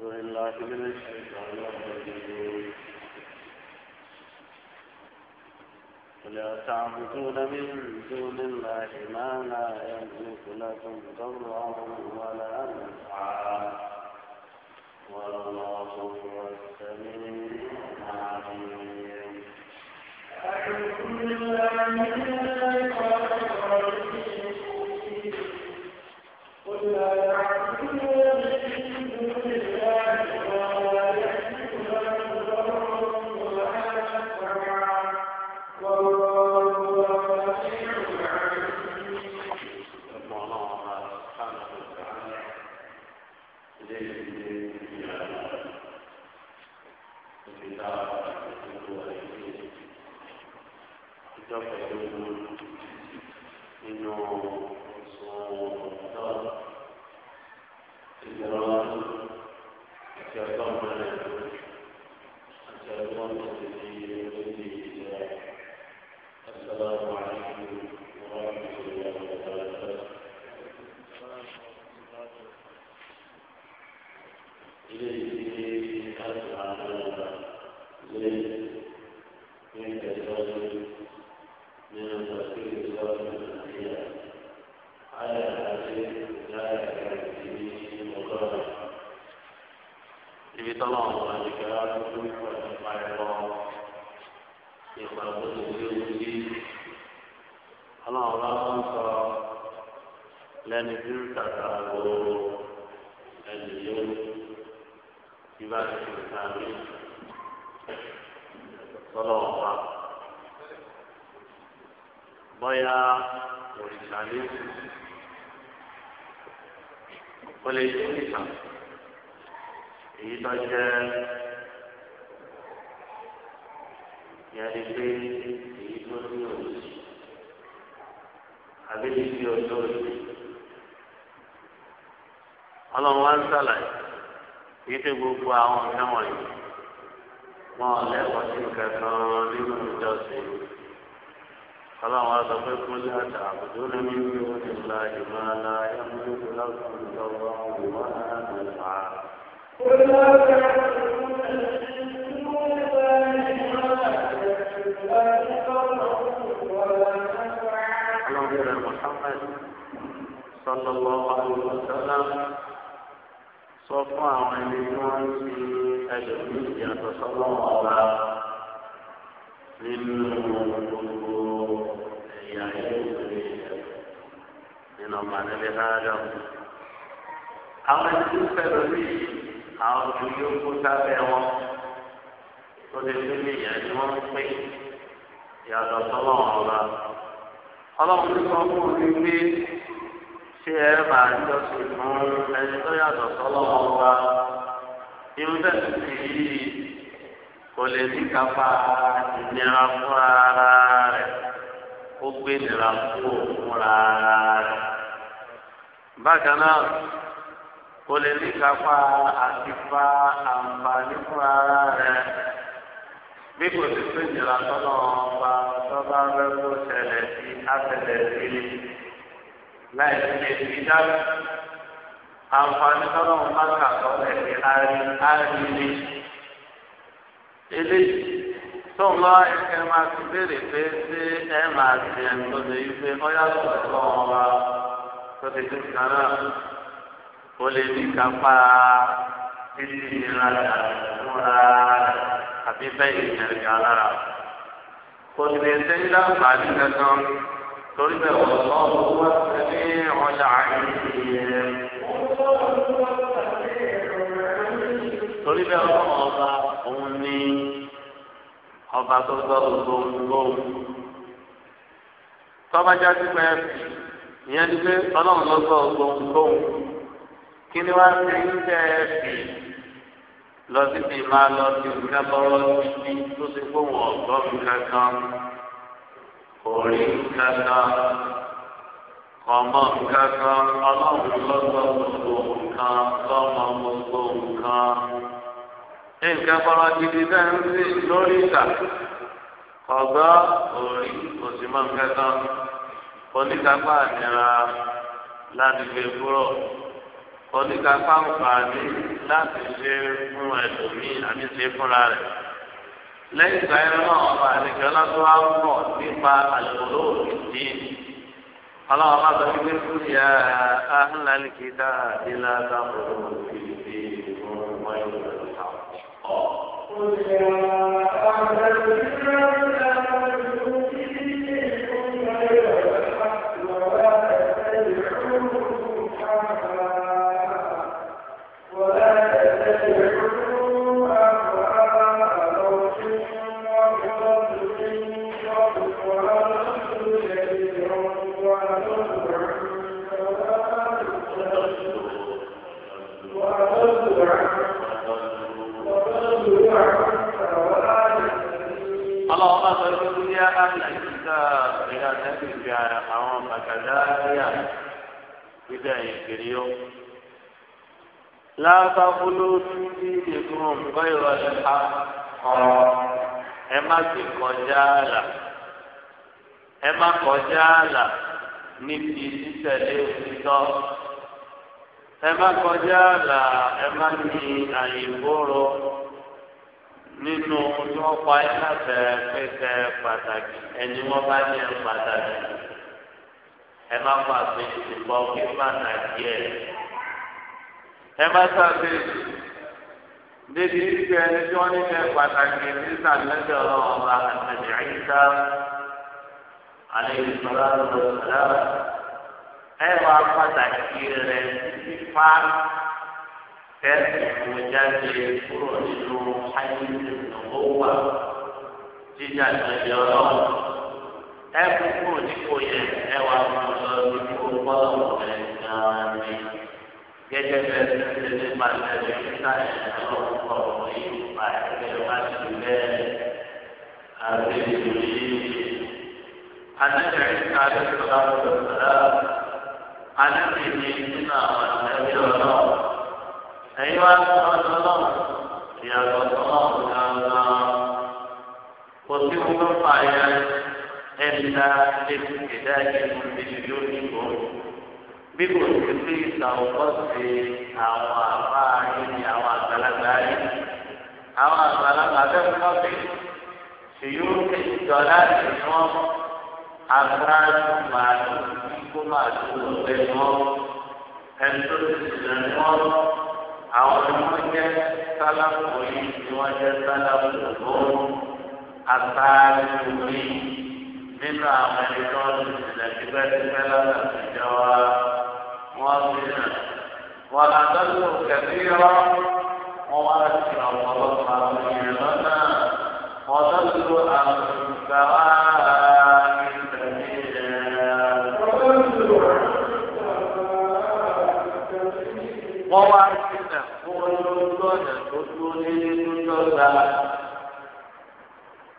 أعوذ بالله من الشيطان الرجيم ولا تعبدون من دون الله ما لا يملك لكم ضرا ولا نفعا والله هو السميع العليم أعوذ بالله من الشيطان الرجيم قل لا يعلم yọ pẹ̀lú nínú. o lè ṣe nìkan èyí tó jẹ yẹni pé èyí tó ní òòlù àbí ní bí ọjọ́ òòlù ọlọ́run wá ń sàlàyé èyí tó gbogbo àwọn ọ̀sẹ̀ wọ̀nyí wọn lẹ́kọ̀ọ́ sí nǹkan kan nínú ìjọsìn ọlọ́run á sọ pé kún lé àtà àbùdó ní mi ní o ní la ìmọ̀ la yẹ mú ní kúlá fún mi lọ́wọ́ ìwọ́n náà ní ìfà. Ọlọ́run Muhammad sallallahu alaihi wa sallam sọ fún àwọn ẹni tí wọ́n ń fi ẹlòmíì yàtọ̀ sọ́lọ́wọ́ ọ̀la nínú gbogbo ẹ̀yà ìlúwẹ̀ nínú ọmọ àdébẹ̀ náírà. àwọn ẹni tó fẹ́ràn mí àwọn tó yóò kó sábẹ́ wọn tó lè fi mí ìyá ni wọ́n ń pè yàtọ̀ sọ́lọ́run ọba. ọlọ́run ní kan fún mi pé ṣé ẹ máa ń jọ́sìn fún ẹni tó yàtọ̀ sọ́lọ́run ọba. irú bẹ́ẹ̀ ti yí. kò lè ní kápá ìnira fún ara rẹ̀ ó gbé ìnira fún òun ara rẹ̀. bákan náà kò lè ní kápá àti fa àǹfààní fún ara rẹ̀ bí kò sì pé ìnira tọ́lọ̀ ọba tọ́ba rẹ̀ ṣẹlẹ̀ sí àtẹ̀lẹ̀ láì sí àǹfààní tọ́lọ̀ ọba kà sí eléyìí tó ń lọ ẹ máa fi béèrè pé ṣé ẹ máa fi ẹnu tó ṣe yí pé ọyá tó sọ wọn wá tó ti tó kan náà ó lè ní kápá títí ìnira múra àbí bẹ́ẹ̀ ìyẹ̀rìgà lára kò sì lè ṣe ńlá pàdé kankan torí bẹ́ẹ̀ wọ́n lọ́wọ́ wọ́n ti ní ọjà àìyẹ. torí bẹ́ẹ̀ wọ́n ọba òun ní ọba tó gbọ́ gbogbogbòm tọ́bajá ti pẹ́ ìyẹn ti pé ọlọ́run ló gbọ́ gbogbogbòm kí ni wàá fi ń tẹ́ ẹ fi lọ síbi máa lọ sí ìgbàgbọ́rọ́ síbi tó ti kó wọn ọ̀gbọ́n mi kankan orí kankan ọmọ kankan ọlọ́run lọ́gbọ́n gbogbo nǹkan lọ́mọ gbogbo nǹkan. nǹkan fọlọ́ gidi bẹ́ẹ̀ ń sè lórí ìta ọ̀gọ́ òòrì òsì mọ́ nǹkan kan oníkápá ànira láti gbé kúrò oníkápá òpàdé láti ṣe fún ẹlòmíì àti ṣe fúnra rẹ̀ lẹ́yìn ìgbà yẹn náà ọba ń nípa àlùkòló bá sọ قل يا أهل الكتاب àyà gbígbà ìkiri yó. lábàbúlò títí ìgbìmọ̀ nǹkan ìrọ̀lẹ́ ká ọ̀rọ̀ ẹ má kọjá àlà ẹ má kọjá àlà níbi títẹ̀lé òtítọ́ ẹ má kọjá àlà ẹ má ní àyèbóró nínú tí wọ́n pàtàkì ẹni pàtàkì. ẹ má fọ àpèjì ìbọn kí má nà díẹ̀ ẹ má sọ àpèjì débi ìgbẹ ẹni tí wọn ní bẹ pàtàkì nígbà lẹsẹ Ọlọ́run ọba àtàjẹ àyíká alẹ ìsọlá lọsọlá ẹ wá pàtàkì rẹ fífa tẹsí ìwòjáde kúrò nínú ayélujára jíjà ẹkú kúrò nípò yẹn ẹ wà lọ nípò bọ́lá ọ̀rẹ́ gan-an ni gẹ́gẹ́ bẹ́ẹ̀ ní ṣe nípa ìṣẹ̀lẹ̀ níta ìṣẹ̀lẹ̀ ọ̀pọ̀ ọ̀rọ̀ yìí nípa ìṣẹ̀lẹ̀ wá sí bẹ́ẹ̀ àgbẹ̀dẹ̀ yìí. Adéjọ́ ìka ló sọ láwùjọ sọ̀rọ̀ adéjọ́ ìní nínú àwọn ìṣẹ̀lẹ̀ ọlọ́run. Ẹ̀yin wá sọ ọ̀dọ́ náà ìyàtọ̀ sọ́ọ̀ gan-an kò sí wọn fà ẹ̀la ẹ̀dá ìlú ìlú òyìnbó bí kò sí pé ìsàwọ̀ sí àwọn àbá ayé ni àwọn àgbàlagbà ayé àwọn àgbàlagbà bẹ́ẹ̀ kọ́ bí ṣèyíwó ìjọba ìmọ̀ agbára màálù kíkó màálù ọ̀gbẹ́ mọ́ ẹni tó ti sìnà ní wọ́n àwọn ọmọ jẹ́ sálámù yìí ni wọ́n jẹ́ sálámù lọ́wọ́ àtàlù yìí nínú àwọn ẹni tó ń ṣẹlẹ̀ tipẹ́tipẹ́ lọ́dọ̀ ìjọ wa wọ́n ti nà wọ́n á tọ́jú kẹ̀sí rọ́ wọ́n wá sí ọ̀pọ̀lọpọ̀ àwọn ènìyàn lọ́nà wọ́n tọ́jú àwọn ìgbàwá ìtẹ̀lé wọ́n wá sí nà fún olóòtú ọ̀nà tó dúró nínú tó dá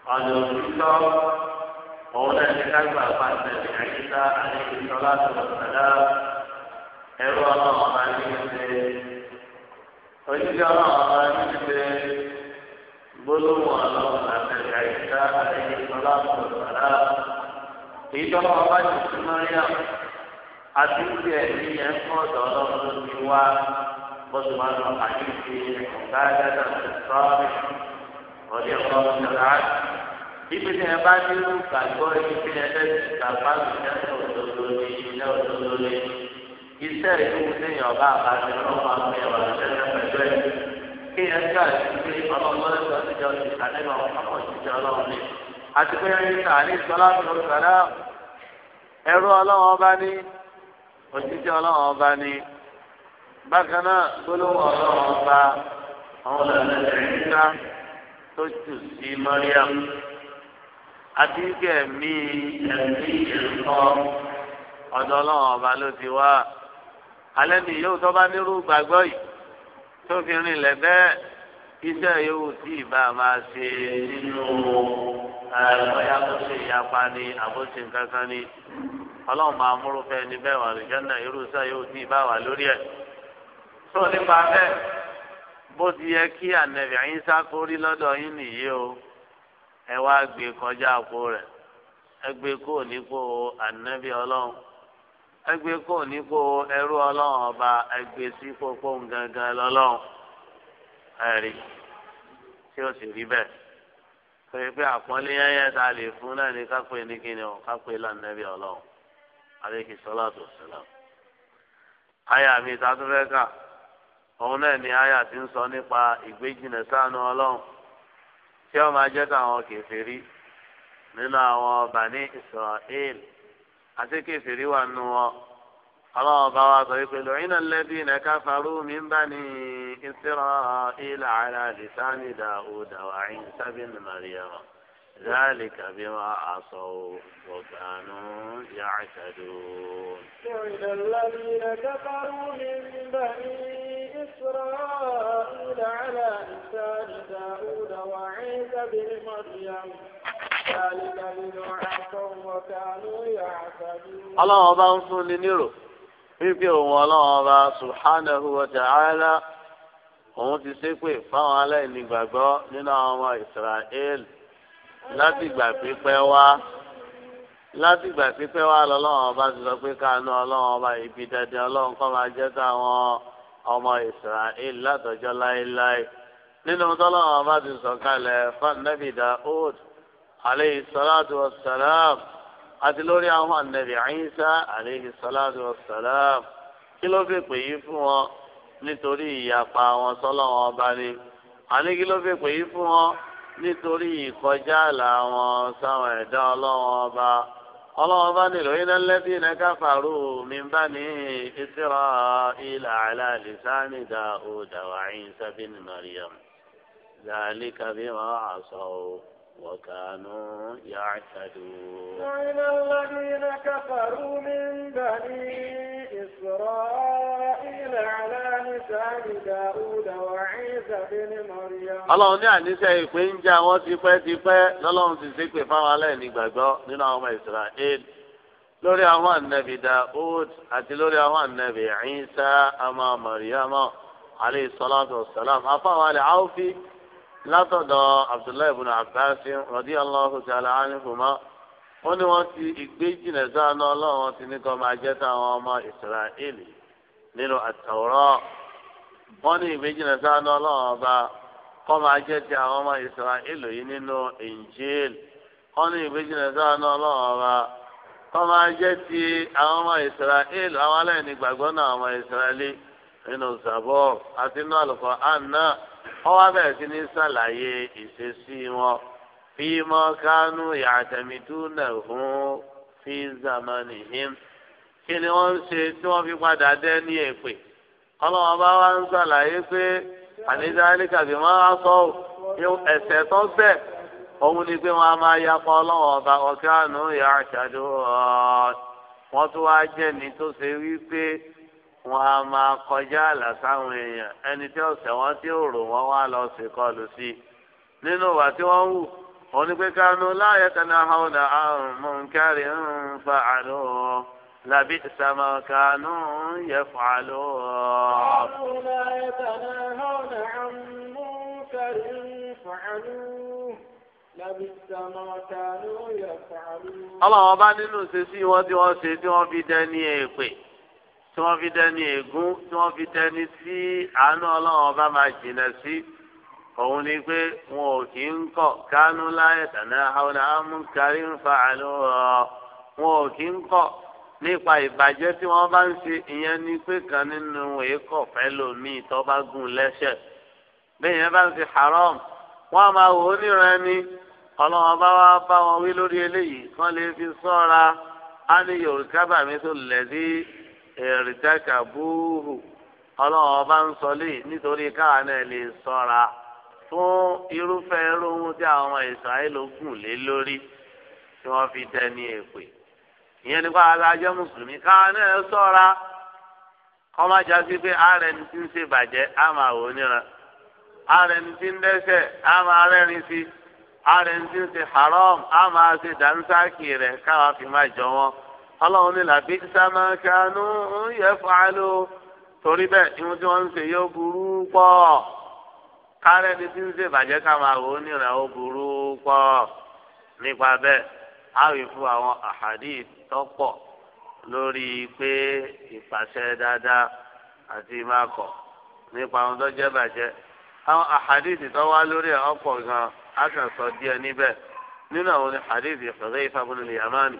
ọ̀nà òtítọ́ òun náà ní kágbà pàṣẹ àyíká àyíkíṣọlá tó sàdá ẹrú ọlọ́run máa ní ṣe ojúṣe ọlọ́run máa ní ṣe gbólóhùn ọlọ́run àti àyíká àyíkíṣọlá tó sàdá ìjọba ọba ti fún mọ́ríà àti ìgbé ẹ̀mí yẹn fún ọ̀dọ̀ ọlọ́run tó ti wá bọ́sù máa lọ àyíkí ọ̀gá ẹ̀dá tó sọ́ọ̀rì ibi tí ẹ bá ní irú gbàgbọ́ ibi tí ẹ lẹ́sìn gbàgbá mi lẹ́sìn òdodo ní ilé òdodo ní iṣẹ́ ìlú lẹ́yìn ọba àbájọ ọlọ́wọ́ àwọn ẹ̀rọ àṣẹṣẹ pẹ̀lú ẹ̀ kí ẹ gbà sí pé ọlọ́wọ́ ẹ̀sọ́ ti jọ ti kà nínú ọmọ ìṣiṣẹ́ ọlọ́wọ́ ni àti pé ẹni tà ní ìsọlá tó sọ̀rọ̀ ẹrú ọlọ́wọ́ ọba ní òṣìṣẹ́ ọlọ́wọ́ ọba ní bákan náà gbólóhùn ọlọ́wọ́ ọba àwọn ọ̀làlẹ̀ ẹ̀ríkà àti wípé ẹ̀mí ẹ̀mí ẹ̀kọ́ ọ̀dọ̀ ọlọ́run ọba ló ti wá alẹ́ ni yóò tó bá nírú gbàgbọ́ yìí tó fi rìn lẹ́bẹ́ iṣẹ́ yóò tí ì bá máa ṣe nínú ẹ̀rọ̀yà tó ṣe ìyapa ni àbóṣe kankan ni ọlọ́run máa múrúfẹ́ ní bẹ́ẹ̀ wà lùjọ́nà irú iṣẹ́ yóò tí ì bá wà lórí ẹ̀ tó nípa bẹ́ẹ̀ bó ti yẹ kí ànẹ̀bì àyínsá kórí lọ́dọ̀ yín nìyí o. ẹ wá gbé kọjá àpò rẹ̀ ẹ gbé kó nípò ànábì ọlọ́run ẹ gbé kó nípò ẹrú ọlọ́run ọba ẹ gbé sí pópó gangan lọ́lọ́run ẹ̀rí tí ó sì rí bẹ́ẹ̀ pé pé àpọ́nlé yẹ́yẹ́ ta lè fún náà ní kápẹ́ ní kíni o kápẹ́ lànàbì ọlọ́run aleyhi salatu salam. aya mi ta tún fẹ́ kà òun náà ni aya ti ń sọ nípa ìgbéjìnà sáànù ọlọ́run. tí ó máa jẹ́ káwọn kèfèrí nínú àwọn Bani Israel àti kèfèrí wà nù wọn ọlọ́wọ́ bá wa sọ pé lóyún lẹ́bí iná káfárú mi ń bá ní Israel ala lisani Dawud wa Isa bin Maryam ذلك بما عصوا وكانوا يعتدون لعن الذين كفروا من بني إسرائيل على لسان داود وعيسى بن مريم ذلك بما عصوا وكانوا يعتدون الله أبا أنصر لنيرو wípé òun ọlọ́run ọba subhanahu wa ta'ala òun ti ṣépè fáwọn aláìní gbàgbọ́ nínú àwọn ọmọ israel láti ìgbà pípẹ́ wá láti ìgbà pípẹ́ wá lọ́lọ́run ọba ti sọ pé káàánú ọlọ́run ọba ibi dandan ọlọ́run kọ́ máa jẹ́ táwọn ọmọ israel látọjọ́ láéláé nínú tọ́lọ́wọ́n bá ti sọ̀kalẹ̀ fanabi daoud aleyhi salatu wa salam àti lórí àwọn anabi isa aleyhi salatu wa salam kí ló fi pè yí fún wọn nítorí ìyapa wọn sọ́lọ́wọ́n ọba ni àní kí ló fi pè yí fún wọn nítorí ìkọjá àlà wọn sáwọn ẹ̀dá ọlọ́wọ́n ọba ọlọ́wọ́n bá nílò iná lẹ́bí iná káfàrú mi bá ní ìfisírọ̀ ilà aláàlísánì dáhùn dàwáyé sábìn mọ́ríyàm zàlíkà bí wọ́n àṣọ o. وكانوا يعتدون لعن الذين كفروا من بني إسرائيل على لسان داود وعيسى بن مريم Ọlọ́run ní àníṣe ìpín ń jẹ àwọn tipẹ́tipẹ́ lọ́lọ́run ti ṣe fáwọn aláìní nínú àwọn ọmọ lórí àwọn àti lórí àwọn alayhi látọ̀dọ̀ abdullahi ibn abbas radiyallahu ta'ala anhuma wọ́n ní wọ́n ti ìgbé jìnnà ọlọ́run ti ní kọ́ máa jẹ́ ọmọ nínú wọ́n ní ìgbé jìnnà ọlọ́run ọba kọ́ máa jẹ́ ti àwọn ọmọ ìsirahìlì nínú injil wọ́n ní ìgbé jìnnà ọlọ́run ọba kọ́ máa jẹ́ àwọn ọmọ ìsirahìlì nínú wọ́n wá bẹ̀rẹ̀ sí ní sàlàyé ìṣesí wọn fi mọ́ kánú yàtẹ̀mìtú náà fún fi zamani him kí ni wọ́n ń ṣe tí wọ́n fi padà dẹ́ ní èpè ọlọ́wọ́n bá wá ń sàlàyé pé àníjàlíkà bí wọ́n á sọ ẹ̀sẹ̀ tó bẹ̀ òun ni pé wọ́n á máa yapa ọlọ́wọ́n ọba ọ̀kánú yàtẹ̀dú ọ̀ wọ́n tún wá jẹ́ ni tó ṣe wí pé wọn a máa kọjá àlà sáwọn èèyàn ẹni tí ọ̀sẹ̀ wọn tí ò rò wọn wá lọ sí kọlù sí i nínú ìwà tí wọ́n wù wọn ni pé kánú láàyè kaná haúdà àrùn mọ̀nkárì ń fa àlọ́ làbí ìsàmà kánú yẹ fà lọ́. kánú láàyè kaná haúdà àrùn mọ̀nkárì ń fa àlọ́ ọlọ́run ọba nínú ṣe sí wọn tí wọ́n ṣe tí wọ́n fi dẹ́ni èpè tí wọ́n fi dẹni ègún tí wọ́n fi dẹni sí àánú ọlọ́run ọba máa jìnà sí òun ni pé wọn ò kì í kọ̀ kánú láyé tàná àwọn amúkarí ń fa àánú ọ̀ wọn ò kì í kọ̀ nípa ìbàjẹ́ tí wọ́n bá ń ṣe ìyẹn ni pé kan nínú èékọ̀ fẹ́ tó bá gùn lẹ́sẹ̀ bẹ́ẹ̀ yẹn bá ń ṣe haram wọ́n á máa wò ó níran ẹni ọlọ́wọ́n bá wá bá wọn wí lórí eléyìí kán lè fi sọ́ra á ní yorùbá bàmí tó lẹ̀ sí èrìjáka búhù ọlọ́run ọba ń sọ nítorí káwa náà lè sọ́ra fún irúfẹ́ irun tí àwọn ìsàlẹ̀ gùn lé lórí tí wọ́n fi dẹni èpè ìyẹn nípa alájẹ́ mùsùlùmí káwa náà sọ́ra pé ààrẹ ń ṣe bàjẹ́ á máa wò ààrẹ ọlọ́run ní làbí sàmákanú yẹ fàálù torí bẹ́ẹ̀ ìwọ̀n tí wọ́n ń ṣe yóò burú pọ̀ kárẹ́ ni tí ń ṣe bàjẹ́ ká máa wò ó nira ó burú pọ̀ nípa bẹ́ẹ̀ á rí fún àwọn àhàdí tọ́pọ̀ lórí pé ìpàṣẹ dáadáa àti máa nípa àwọn tó jẹ́ bàjẹ́ àwọn àhàdí tó wá lórí ọ̀pọ̀ gan-an á kàn sọ díẹ̀ níbẹ̀ nínú àwọn àhàdí ìfẹ̀rẹ̀ ìfàbọ̀nìyàmánì.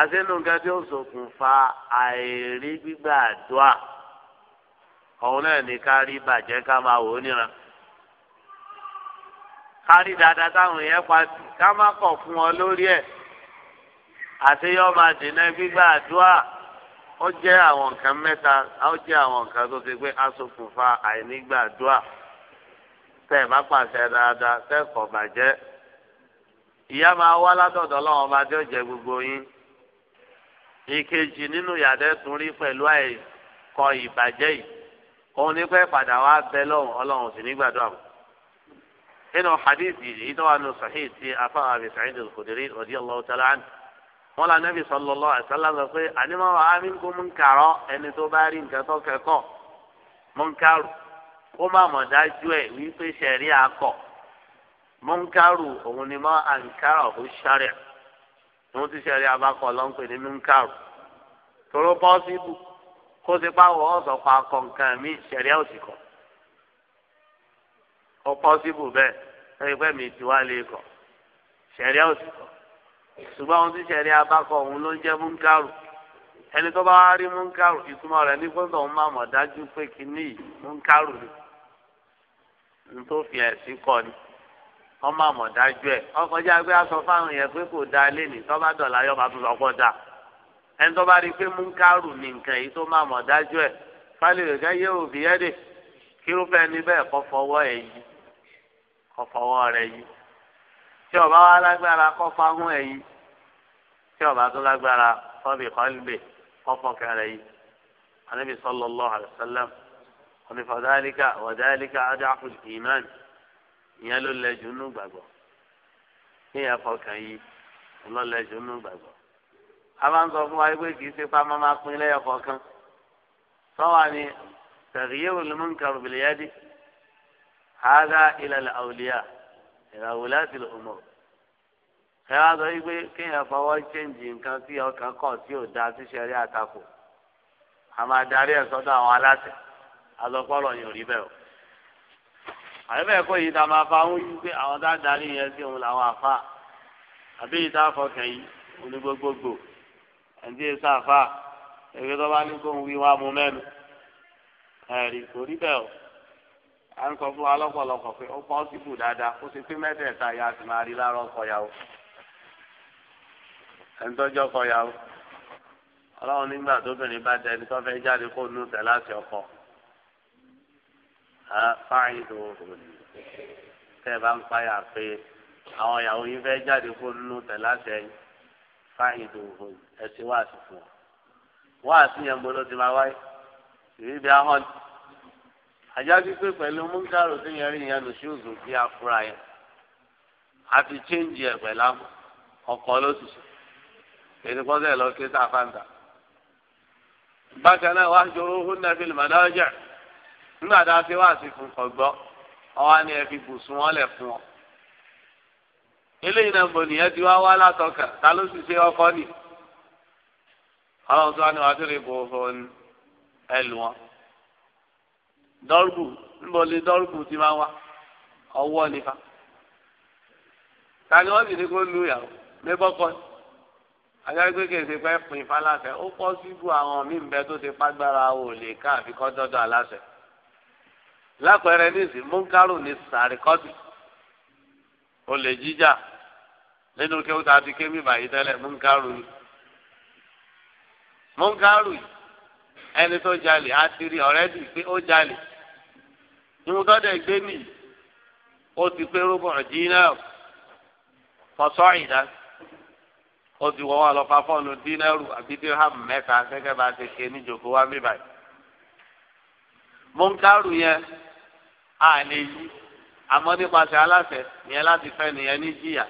àṣẹnuga tí ó ṣokùnfà àìrí gbígbà àdúrà ọ̀hún náà ní kárí bàjẹ́ ká máa wò ó níra kárí dáadáa táwọn yẹn pàtì ká má kọ̀ fún ọ lórí ẹ̀ àti yọ máa dènà gbígbà àdúrà ó jẹ́ àwọn nǹkan mẹ́ta ó jẹ́ àwọn nǹkan tó ti gbé aṣokùnfà àìnígbà àdúrà bá pàṣẹ dáadáa tẹ́ kọ̀ bàjẹ́ ìyá máa wá látọ̀dọ̀ ọlọ́run ọba tí ó jẹ gbogbo yín ìkejì nínú yàtọ̀ tún rí pẹ̀lú àìkọ ìbàjẹ́ yìí òun ní pẹ́ padà wá bẹ lọ́hùn ọlọ́hùn sì nígbàdúrà mọ́. nínú hadithi yìí tó wà nù sahih ti afáwọn abi Sa'id al-Khudri radiyallahu ta'ala anhu wọn là nẹ́bí sallallahu alaihi wasallam sọ pé ànímọ́ wa ámì kó múnkàrọ́ ẹni tó bá rí nǹkan tó kẹ́kọ̀ọ́ múnkàrù kó má mọ̀ dájú ẹ̀ wípé ṣẹ̀rí àkọ́ múnkàrù òun ni mọ́ àǹkárọ̀ ó ṣàrẹ̀ òun ti ṣẹlẹ̀ abakọ̀ ló ní munkaru tóró pọ́sibú kó ti pàwọ̀ ọ̀sọ̀ pa akọ mi ṣẹlẹ̀ òsì kọ̀ pọ́sibú bẹ́ẹ̀ lórí pẹ́ mi ti wá lè kọ̀ ṣẹlẹ̀ òsì ṣùgbọ́n òun ti ṣẹlẹ̀ abakọ̀ òun ló ń jẹ́ munkaru ẹni tó bá wá rí munkaru ìtumọ̀ rẹ̀ ní gbọ́dọ̀ ń máa mọ̀ dájú pé kínní munkaru ni n tó fi ẹ̀sìn kọ́ ni ọmọ àmọ̀dájú ẹ̀ ọkọjá pé aṣọ fáwọn yẹn pé kò dáa léèlì tọ́ba dọ̀là yọba tó sọ pọ̀ dáa ẹni tó bá rí i pé múnkárù ní nǹkan yìí tó má àmọ̀dájú ẹ̀ fálẹ̀ òkè yé òbí yẹn dè kírúfẹ́ ní bẹ́ẹ̀ kọ́ fọwọ́ ẹ̀ yìí kọ́ fọwọ́ rẹ̀ yìí tí ọba wa lágbára kọ́ fáwọn ẹ̀ yìí tí ọba tó lágbára fọ́bì kọ́lbè kọ́ fọkẹrẹ yìí anábì sallallahu alaihi wasallam onífọ̀dálíkà wọ̀dálíkà adáhùn ìmáàmì ìyẹn ló lẹ́jọ́ nù gbàgbọ́ kéèyàn fọkàn yìí ọlọ́lẹ́jọ́ nù gbàgbọ́ a máa ń sọ fún wa pé kì í ṣe pa máa pín lẹ́yọ̀ kọ̀ọ̀kan sọ́wọ́ ni taghyirul munkar bil yadi hada ila al awliya ila wulati al umur ẹ wá sọ wípé kéèyàn fọwọ́ ṣéǹjì nǹkan tí ọkàn kọ̀ tí ò da tíṣẹ́ rí àtakò a ẹ̀ sọ́dọ̀ àwọn aláṣẹ alọ́pọ̀lọ́ àbí kó yìí tá a máa fa àwọn yìí pé àwọn tá a darí yẹn sí òun làwọn àfa àbí yìí tá a fọkàn yìí òní ẹ̀ǹdí èso àfa èyí tó bá ní kó ń wí wá mu mẹ́nu ẹ̀rí kò rí bẹ́ẹ̀ o à ń sọ fún wa lọ́pọ̀lọpọ̀ pé ó pọ́ dáadáa kó ṣe pé mẹ́tẹ̀ẹ̀ta ya sì máa rí lára ọkọ̀ yàwó ẹ̀ńtọ́jọ́ ọlọ́run nígbà tóbìnrin bá tẹ ẹni tó fẹ́ jáde kó nù tẹ̀ láti ọkọ̀ fáìlò òní tẹ́ ẹ bá ń páyà pé àwọn ìyàwó yìí fẹ́ jáde kó nínú tẹ̀láṣẹ fáìlò òní ẹ̀sìn wá sí fún ọ. wá sí yẹn bó ló ti máa wáyé ìrírí bí ahọ́n ajá pípé pẹ̀lú múńkàrò tó yẹn rí yẹn lòṣù ògùn bí afúra yẹn a ti chéǹjì ẹ̀ pẹ̀lá ọkọ̀ ló ti lọ kí sáfàǹtà. bákan náà wàá jòrò hún náà fi nígbà tá a fi wá sí fún kọgbọ ọwọ ni ẹ fi bùsùn wọn lẹ fún ọ eléyìí náà bòníyàn ti wá wá látọkà ta ló sì ṣe ọkọ ni Ọlọ́run tó wá ní wàá tó lè bọ fún ẹlù wọn dọrùbù níbo ni dọrùbù ti máa wá ọwọ́ nípa ta ni wọn sì ní kó lu ìyàwó lébọkọ ni agbẹ́gbẹ́ kèsì pẹ́ pin fáláṣẹ ó pọ́ síbu àwọn míì ń bẹ tó ti pàgbára ò lè ká aláṣẹ lápẹẹrẹ níìsín múnkárù ní sàríkọ́tì olè jíjà nínú kéwù tá a ti ké mi báyìí tẹ́lẹ̀ múnkárù yìí múnkárù yìí ẹni tó jalè á ti rí ọ̀rẹ́dì pé ó jalè ìmúdọ́dẹ̀ gbé nìyí ó ti pé rúbọ̀ dínà fọ́sọ́ ìdá ó ti wọ́wọ́ lọ fa fọ́ọ̀nù dínàrù àbí dírhàmù mẹ́ta gẹ́gẹ́ bá ti ké níjòkó wá mi báyìí múnkárù yẹn a lè yí àmọ́ nípasẹ̀ aláṣẹ nìyẹn láti fẹ́ nìyẹn ní jìyà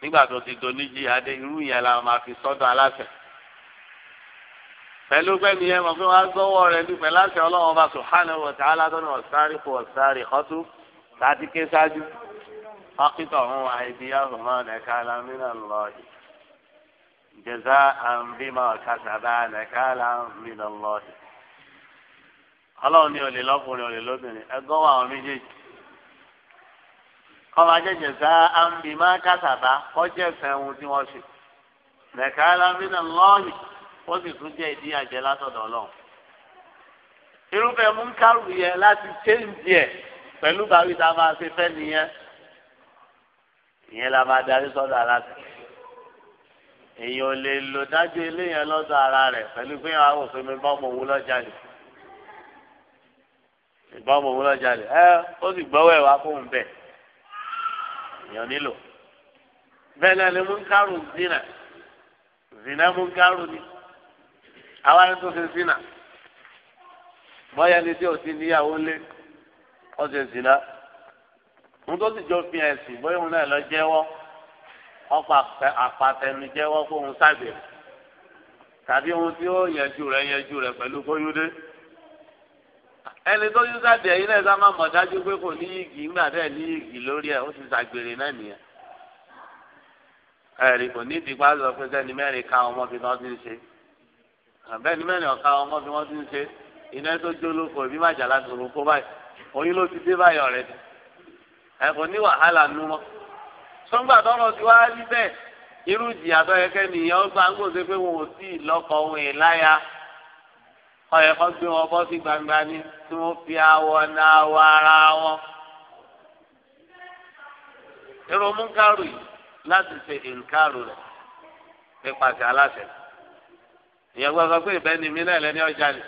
nígbà tó ti do ní jìyà dé irú yẹn la máa fi sọ́dọ̀ aláṣẹ pẹ̀lú pé nìyẹn mọ̀ pé wọ́n á gbọ́wọ́ rẹ̀ ní pẹ̀lú àṣẹ ọlọ́run ọba subhanahu wa ta'ala ládọ́nà ọ̀sáré kò ọ̀sáré ọ̀tún láti ké ṣáájú pákítọ̀ ọ̀hún àìdíyà ọ̀hún ẹ̀ka alámínà lọ́ọ̀dì jẹ́sà àǹbímọ̀ kàtàbà ẹ̀ka alámínà lọ́ọ̀dì ọlọ́run ní olè lọ́kùnrin olè lóbìnrin ẹgbọ́n wa àwọn méjèèjì kọ́mọ ajẹ́jẹ́ sá àǹbì máa kásàbá kọ́jẹ́ fẹ́hun tí wọ́n ṣe lẹ́ka alámínà lọ́ọ̀yì ó sì tún jẹ́ ìdí àjẹ́ látọ̀dọ̀ ọlọ́run irúfẹ́ múnkárù yẹ láti chéǹdì ẹ̀ pẹ̀lú bàbí tá a máa ṣe fẹ́ nìyẹn ìyẹn la máa darí sọ́dọ̀ aláṣẹ èèyàn ò lè lò dájú eléyẹn lọ́dọ̀ ara rẹ̀ pẹ̀lú pé àwọn òfin mi bá ọmọ òun lọ́jà yìí ìgbọ́n mo wúlọ́ jalè ẹ ó sì gbọ́wọ́ ẹ̀ wá fóun bẹ̀ èèyàn nílò bẹ́ẹ̀ náà ni múnkárù zina zina múnkárù ni àwa ni tó ṣe zina bọ́yá ni tí o ti níyàwó lé ó ṣe zina ohun tó sì jọ fi ẹ̀sìn bóyá òun náà lọ jẹ́wọ́ ọ̀pọ̀ àpàtẹnujẹ́wọ́ fóun sábẹ̀ tàbí ohun tí ó yẹjú rẹ̀ yẹjú rẹ̀ pẹ̀lú kóyúdé ẹni tó yín sáde ẹ̀yin náà sábà mọ̀ dájú pé kò ní yìgì ńgbà bẹ́ẹ̀ ní yìgì lórí ẹ̀ ó ti ṣàgbèrè náà nìyẹn ẹ̀rí kò ní ìdìpá sọ pé sẹ́ni mẹ́rin ká ọmọ bí wọ́n ti ń ṣe àbẹ́ni mẹ́rin ọ̀ka ọmọ bí wọ́n ti ń ṣe iná tó jólóko ìbí má jàlá tó kó báyìí oyún ló ti dé báyìí ọ̀rẹ́ ti ẹ kò ní wàhálà nú mọ́ sọ́ngbà tọ́rọ̀ ti wá rí bẹ́ẹ̀ irú ìjìyà tó yẹ ọyẹ kọ gbé wọn bọ́ sí gbangba ni tí wọ́n fi awọ náà wọ ara wọn. irun múkàrú yìí láti ṣe ìǹkàrú rẹ̀ nípasẹ̀ aláṣẹ. ìyẹn gbọ́dọ̀ pé ìbẹ́ ni mí náà lẹ́ni ọjà ni.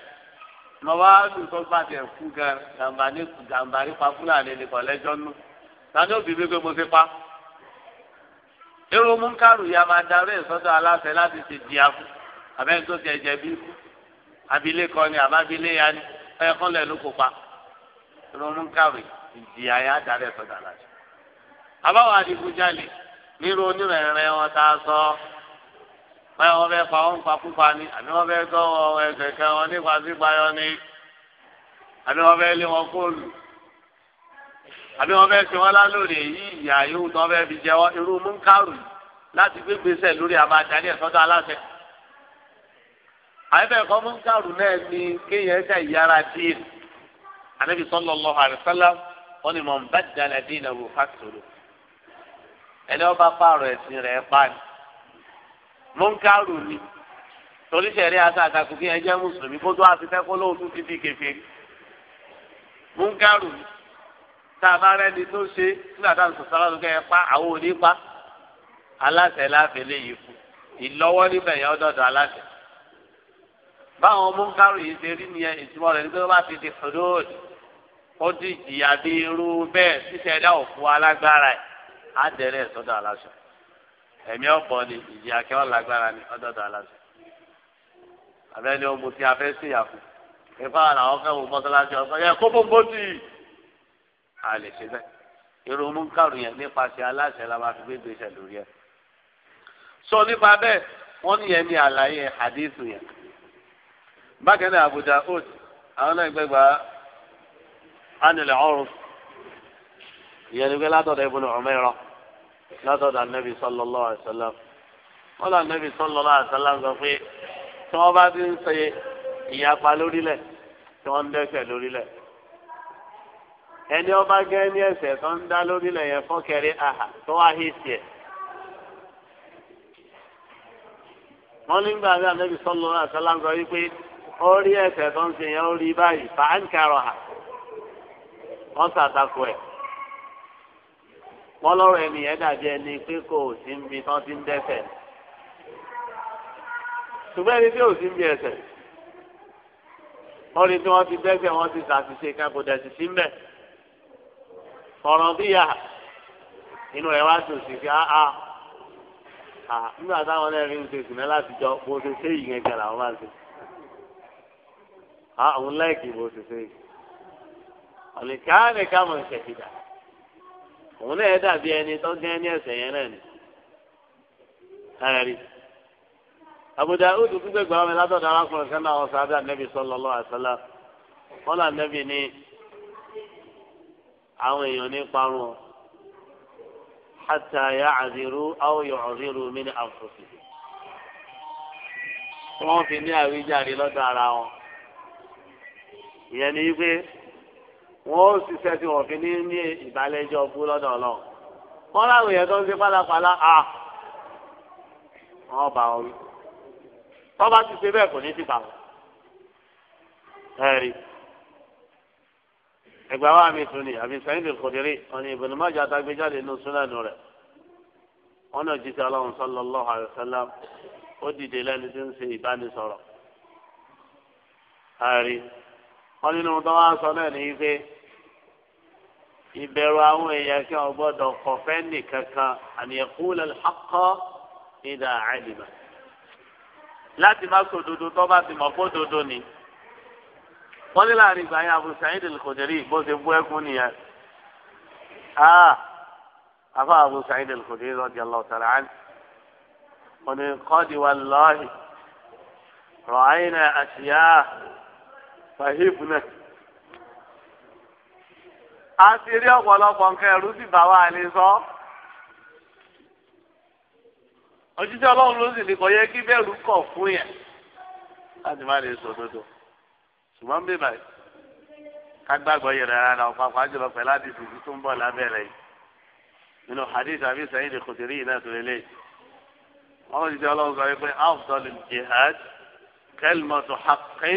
mo wá lù tó bá tiẹ̀ kú gan gàmbà ní gàmbà ní pàfúlàní nìkan lẹ́jọ́ nù. sani òbí mi pé mo ti pa. irun múkàrú yìí a máa darí ìsọ́dọ̀ aláṣẹ láti ṣe díà fún àbẹ́ńtó tiẹ̀ bí fún abilé kọ ni àbábilé ya ni ẹ kọ́ lẹ́nu kó pa ronú kàwé ìjìyà ya darí ẹ̀ sọ̀dà láti. àbáwọ̀ adigunjalè nírú onírẹ̀rẹ̀ wọn tá a sọ báyọ̀ wọn fẹ́ pa wọn pa ni àbí wọn fẹ́ tọ́ wọn ẹsẹ̀ kan wọn nípa sípayọ ni àbí wọn fẹ́ lé wọn kóòlù àbí wọn fẹ́ fi wọn lálórí èyí ìyá yóò tán fẹ́ fi jẹ wọn irú múnkàrù láti gbégbèsè lórí àbájáde ẹ̀ sọ́dọ̀ aláṣẹ àyẹ̀bẹ̀ kọ́ mú kàrú náà ni kéèyàn ká yára dín anabi sallallahu alaihi wasallam wọn ni mọ̀n bá dalẹ̀ dín náà wò fásitì ẹni ọba pààrọ̀ ẹ̀sìn rẹ̀ pa ni mú kàrú ni torí sẹ̀rí àti àtàkùn kí ẹ jẹ́ mùsùlùmí kó tó a ti fẹ́kọ́ lóòótú ti di kẹfẹ́ mú kàrú ni tá a bá rẹ́ni tó ṣe nígbà tá a sọ sábà lókè ẹ pa àwọn òní pa aláṣẹ láfẹ́ léyìí fún ìlọ́wọ́ níbẹ̀ yẹn ọdọọdọ aláṣẹ báwọn múnkárù yìí ṣe rí nìyẹn ìtumọ̀ rẹ̀ nígbà tó bá ti di hudud ó di ìjìyà bí irú bẹ́ẹ̀ ṣíṣe ẹ̀dá òfu alágbára ẹ̀ á dẹ̀rẹ̀ sọ́dọ̀ aláṣọ ẹ̀mí ọ̀pọ̀ ni ìjìyà kẹ́ ọ́ lágbára ni ọ̀dọ̀dọ̀ aláṣọ abẹ́ni ọmọ tí a fẹ́ sí ìyàfu ìfá làwọn fẹ́ wò mọ́sálásí ọ̀sán yẹ kó bóńbó tì í a lè ṣe bẹ́ẹ̀ irú múnkárù yẹn nípasẹ̀ aláṣẹ la máa fi gbé gbèsè lórí ẹ̀ sọ nípa bẹ́ẹ̀ wọ́n bákan náà Abu Daud àwọn náà gbẹgbà anilẹ ọrùn ìyẹn nígbẹ látọ̀dọ̀ Ibn Umairah látọ̀dọ̀ anabi sallallahu alaihi wọn lọ anabi sallallahu alaihi wasallam sọ pé tí wọn bá ti ń ṣe ìyapa lórílẹ̀ tí wọn ń dẹ́ṣẹ̀ lórílẹ̀ ẹni ọba gẹ ní ẹsẹ̀ tó ń dá yẹn fọkẹrẹ àhà tó wá ó ẹsẹ̀ tó ń ṣe yẹn ó rí báyìí fàáǹkarọ̀ hà wọ́n ṣàtakò ẹ̀ wọ́n lọ́rọ̀ ẹni dàbí ẹni pé kò sí níbi tán ti ń dẹ́ṣẹ̀ ṣùgbọ́n ẹni tí ò sí níbi ẹsẹ̀ wọ́n rí tí wọ́n ti dẹ́ṣẹ̀ wọ́n ti ṣàṣìṣe kan kò dẹ̀sì sí mbẹ̀ ọ̀ràn bíyà inú rẹ̀ wá dùn sí fi áá nígbà táwọn ẹlẹ́rìí ń ṣe sùn láti jọ bó ṣe ṣe yìí yẹn gan máa ń ṣe àwọn láìkì bó ṣe ṣe ọ̀nìkàánì kámọ̀ ṣẹ̀kìdà òun náà dàbí ẹni tó gẹ́ ní ẹ̀sẹ̀ yẹn náà ni ẹ̀rí Abu Dawud gbígbé gbà wọn látọ̀dọ̀ arákùnrin kan náà wọn sábẹ́ ànẹ́bí sallallahu alaihi wasallam wọn là nẹ́bí ní àwọn èèyàn ní parun hatta ya'ziru aw yu'ziru min anfusihim wọ́n fi ní àwíjàre lọ́dọ̀ ara wọn ìyẹn ni wípé wọn ó ṣiṣẹ́ tí wọ́n fi ní ní ìbálẹ́jọ́ bú lọ́dọ̀ ọlọ́run wọ́n láwọn èèyàn tó ń ṣe pálapàla à wọ́n bá wọn wọ́n bá ti ṣe bẹ́ẹ̀ kò ní ti bà wọ́n. ẹ̀rí ẹgbẹ́ wa mi tún ni àbí sẹ́yìn kòdìrí ọ̀nà Ibn Majah àtàgbéjáde inú súnlẹ̀nù rẹ̀ wọ́n náà jíṣẹ́ ọlọ́run sallallahu alaihi ó dìde lẹ́ni tí ń ṣe ìbánisọ̀rọ̀. ẹ̀rí wọn nínú tó wá sọ náà ní pé ìbẹ̀rù àwọn èèyàn kí wọn gbọ́dọ̀ kọ̀fẹ́ nìkankan àníyànkúlẹ̀ àkọ́ ìdá àìlìmọ̀ láti má sọ òdodo tó bá ti mọ̀ fó òdodo ni wọn ní láàrin ìgbà yẹn Abu Sa'id al-Khudri bó ṣe bú ẹkún nìyẹn ah, àfa Abu Sa'id al-Khudri radiyallahu ta'ala anhu wọn ni qad wallahi ra'ayna àṣìyá fàhíìbù náà. a ti rí ọ̀pọ̀lọpọ̀ nǹkan ẹ̀rú sì bá wa lè sọ. òjíṣẹ́ ọlọ́run ló sì ní kò yẹ kí bẹ́ẹ̀rù kọ̀ fún yẹn láti má lè sọ dodo ṣùgbọ́n bí báyìí ká gbàgbọ́ yẹrẹ rárá o pàpà jùlọ pẹ̀lú àdìsí tó ń bọ̀ lábẹ́rẹ́ yìí nínú hadith àbí sẹ́yìn lè kòtìrí yìí náà tó lélẹ̀ wọ́n ti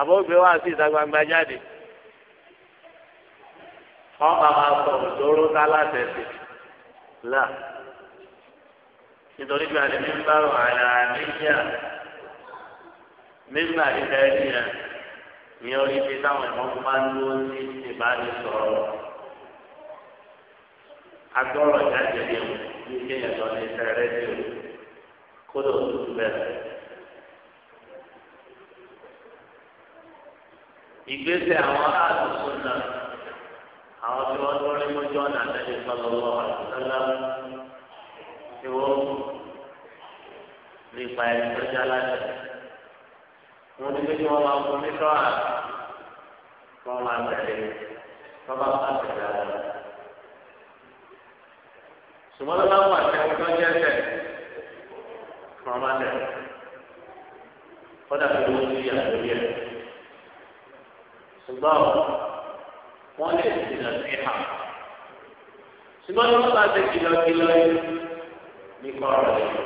àbọ̀gbé wá sí ìta gbangba jáde wọ́n bá wa sọ òdòrò ká látẹ̀sí là nítorí pé àlẹ́ mímú bárò àlà níjà mímú àdìsẹ́ ẹ̀dìyà ní orí fi táwọn ẹ̀mọ́ fún máa ń dúró sí ìbánisọ̀rọ̀ agbọ́rọ̀ jáde ní ìdíyẹ̀ lọ ní sẹ́rẹ́díò kódò tuntun bẹ́ẹ̀. ìgbésẹ̀ àwọn aláàtúnṣe náà àwọn tí wọ́n tó rí mọ́jọ́ náà lẹ́yìn sọ́lọ́lọ́ àtúntàlá tí wọ́n lè pa ẹni tó já láti. wọ́n ti gbé wọn máa fún mi tọ́ra wọ́n máa tẹ̀lé tọ́ba bá tẹ̀lé ara. ṣùgbọ́n lọ́wọ́ àwọn àtẹ̀wọ́ tó jẹ́ tẹ̀ wọ́n máa tẹ̀lé. kọ́dà tó ló ń yí àtẹ̀lé ẹ̀ ṣùgbọ́n wọ́n lè jìnnà sí ha ṣùgbọ́n wọ́n bá ṣe kìlọ̀kìlọ̀ yìí ní kọ́ọ̀rọ̀ yìí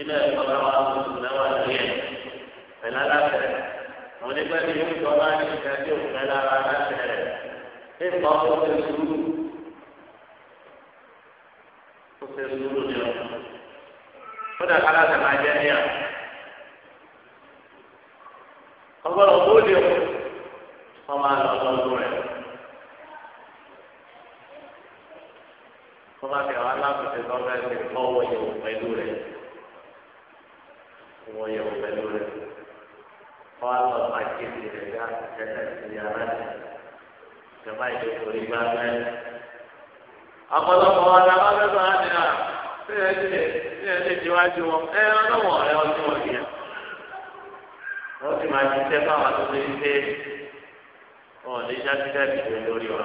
ilé ẹ̀kọ́ bá wà lóṣù náwà lóyè pẹ̀lú aláṣẹ àwọn onígbà tí yóò tọ́ bá ní ìgbà tí òun fẹ́ lára aláṣẹ rẹ̀ ní ìgbà tó ṣe sùúrù tó ṣe sùúrù ni ó kódà aláṣẹ máa jẹ́ ní àwọn ọgbọ́dọ̀ bóde o wọ́n máa lọ lọ́dún rẹ̀ wọ́n máa fi àwọn aláàbòsí lọ́dún rẹ̀ kọ́ wọ̀nyẹ̀wò pẹ̀lú rẹ̀ wọ̀nyẹ̀wò pẹ̀lú rẹ̀ wọ́n á lọ pàkíyèsí rẹ̀ bí àtẹ̀tẹ̀ sí ara rẹ̀ ìjọba ìdókòwò ìgbà rẹ̀ ọ̀pọ̀lọpọ̀ ọ̀nà abáfẹ́fẹ́ àdìrà ṣé ẹ ti ṣe ṣé ẹ ti ṣe wájú wọn ẹ ọlọ́wọ́ ọ̀rẹ́ ọdún ọ̀dìyàn wọ́n sì máa ṣiṣẹ́ fáwọn tó ṣe wípé wọn ò ní ṣáṣíṣẹ́ ìṣẹ́ lórí wọn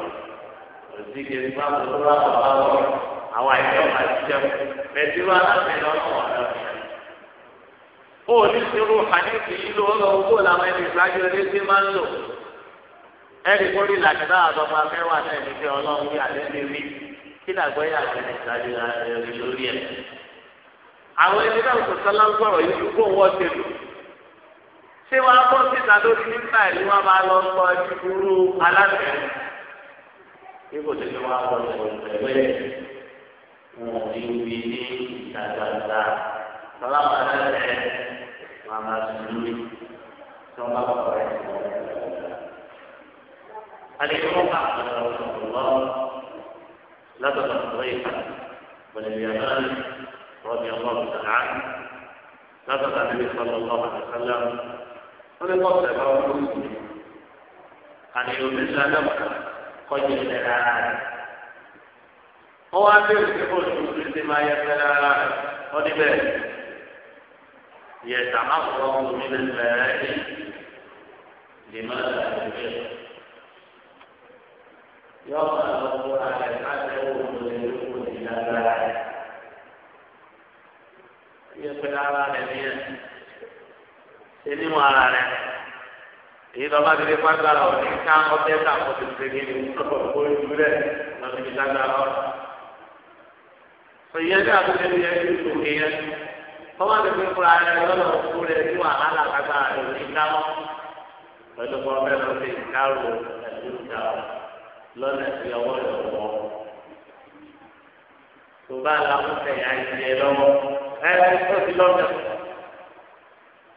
kò sí kiri fáwọn tó bá wà lọ́wọ́ àwọn àìsàn máa ṣiṣẹ́ bẹ̀tí wọn aláfẹ́ lọ́wọ́ wọn lọ. ó ní sírú àdéhùn yìí ló lọ owó làwọn ẹni ìgbàjọ eléṣẹ máa ń lò ẹni kó rí làkàtà àtọ́fà mẹ́wàá náà ní pé ọlọ́run yà lẹ́lẹ́ rí kí làgbọ́yà àtẹnì ìgbàjọ lórí ẹ̀. àwọn ẹni náà kò sọ́lá ń gbọ́rọ̀ yìí kó wọ́n ṣe lò tí wọn kọ síta lórí nípa ẹ ni wọn máa lọ sọ ìdúró aláṣẹ bí kò tẹ̀lé wọn kọ sọ ìpẹ́lẹ́ wọn ò ní wí ní ìta gbangba lọ́la wọn aláṣẹ wọn máa sùn lórí tí wọn bá kọ ẹ sí wọn. عليكم أحمد رحمه الله لقد الضيف بن اليمان رضي الله تعالى عنه لقد النبي صلى الله عليه وسلم ó lè kọ́sẹ̀ bá wọn lóṣù àti òṣèlú adámọ̀tà kọjú ilẹ̀ rárá rẹ̀. ó wá bẹ́ẹ̀ sí oṣù tó ti máa yẹ fẹ́ rárá rẹ̀ ó ní bẹ́ẹ̀ yẹ sàmà fún ọmọ mi lè fẹ́ẹ́ lè má lè fẹ́ yọ ọ́ máa lọ fún ara rẹ̀ láti ẹ̀wọ̀n lórí ìlú ìlú ìlú rárá rẹ̀ yẹ fẹ́ rárá rẹ̀ ní ẹ̀sìn. e mú ara rẹ èyí lọ́ba ti lè fagbára òní ká ọtẹ ká ọtẹ ti lè ní ọkọ̀ ojú rẹ tó yẹn kọ́má ti fi rẹ lọ́nà òkú rẹ wàhálà pẹ̀lú kọ́ lọ sí lọ́nà ọwọ́ tó bá tẹ̀yà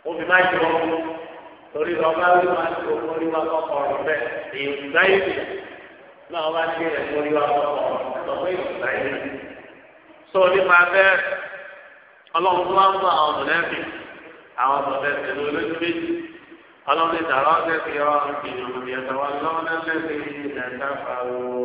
òbí má jẹ ọkọ torí ọba wí wá sí ọkọ orí wa kọkọ ọ̀rọ̀ bẹ́ẹ̀ èyí ìgbà yìí náà ọba ti rẹ orí wa kọkọ ọ̀rọ̀ lọ́wọ́ ìgbà yìí sọ nípa bẹ́ẹ̀ ọlọ́run tó máa ń bọ àwọn mọ̀lẹ́bí àwọn mọ̀lẹ́bí pẹ̀lú olójú méjì ọlọ́run ìdàrọ ọsẹsẹ yọ ìdùnnú ìyẹtọ wa lọ́wọ́ lẹsẹ ìdàgbà fàwọn.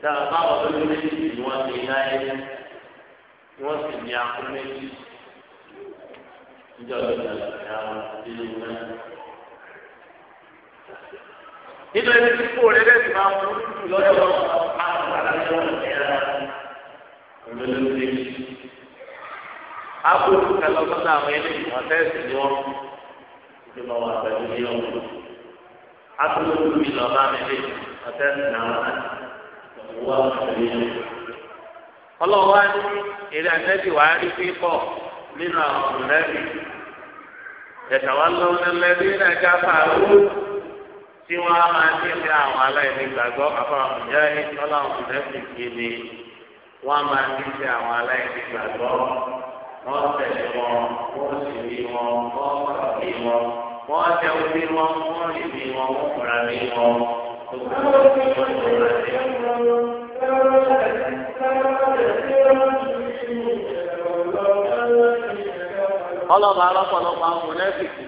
dára báwọn lójú méjì ni wọ́n ti láyé wọ́n sì ní akó méjì níjọ́ lọ́jà lọ́jà nínú náà. nínú ẹni tí kò rẹ́ bẹ́ẹ̀ máa mú lọ́jọ́ àwọn àlàyé wọn ẹ̀rọ olólùfẹ́ méjì. akó kẹlọ́ sọ́dọ̀ àwọn ẹni ìmọ̀tẹ́sì ni wọ́n ti lọ wà pẹ̀lú ní ọ̀hún. akó lójú mi lọ́ọ́ bá mi lé ọ̀tẹ́sì náà wọ́n náà. ọlọ́wọ́ á ní èrè àtẹ́tì wàá rí pípọ̀ nínú àwọn ọ̀rẹ́bì ẹ̀sà wa lọ́wọ́ lẹ́bí náà já fàárù tí wọ́n á máa ti fi àwọn aláìní gbàgbọ́ àfọwọ́n ìyá ẹni tí ọlọ́run wọ́n á máa ti fi àwọn aláìní gbàgbọ́ wọ́n tẹ̀lé wọn wọ́n sì rí wọn wọ́n kọ̀ wọn wọ́n jẹun bí wọn wọ́n ọlọba alọ́pọ̀lọpọ̀ àwọn mọ̀lẹ́sìkì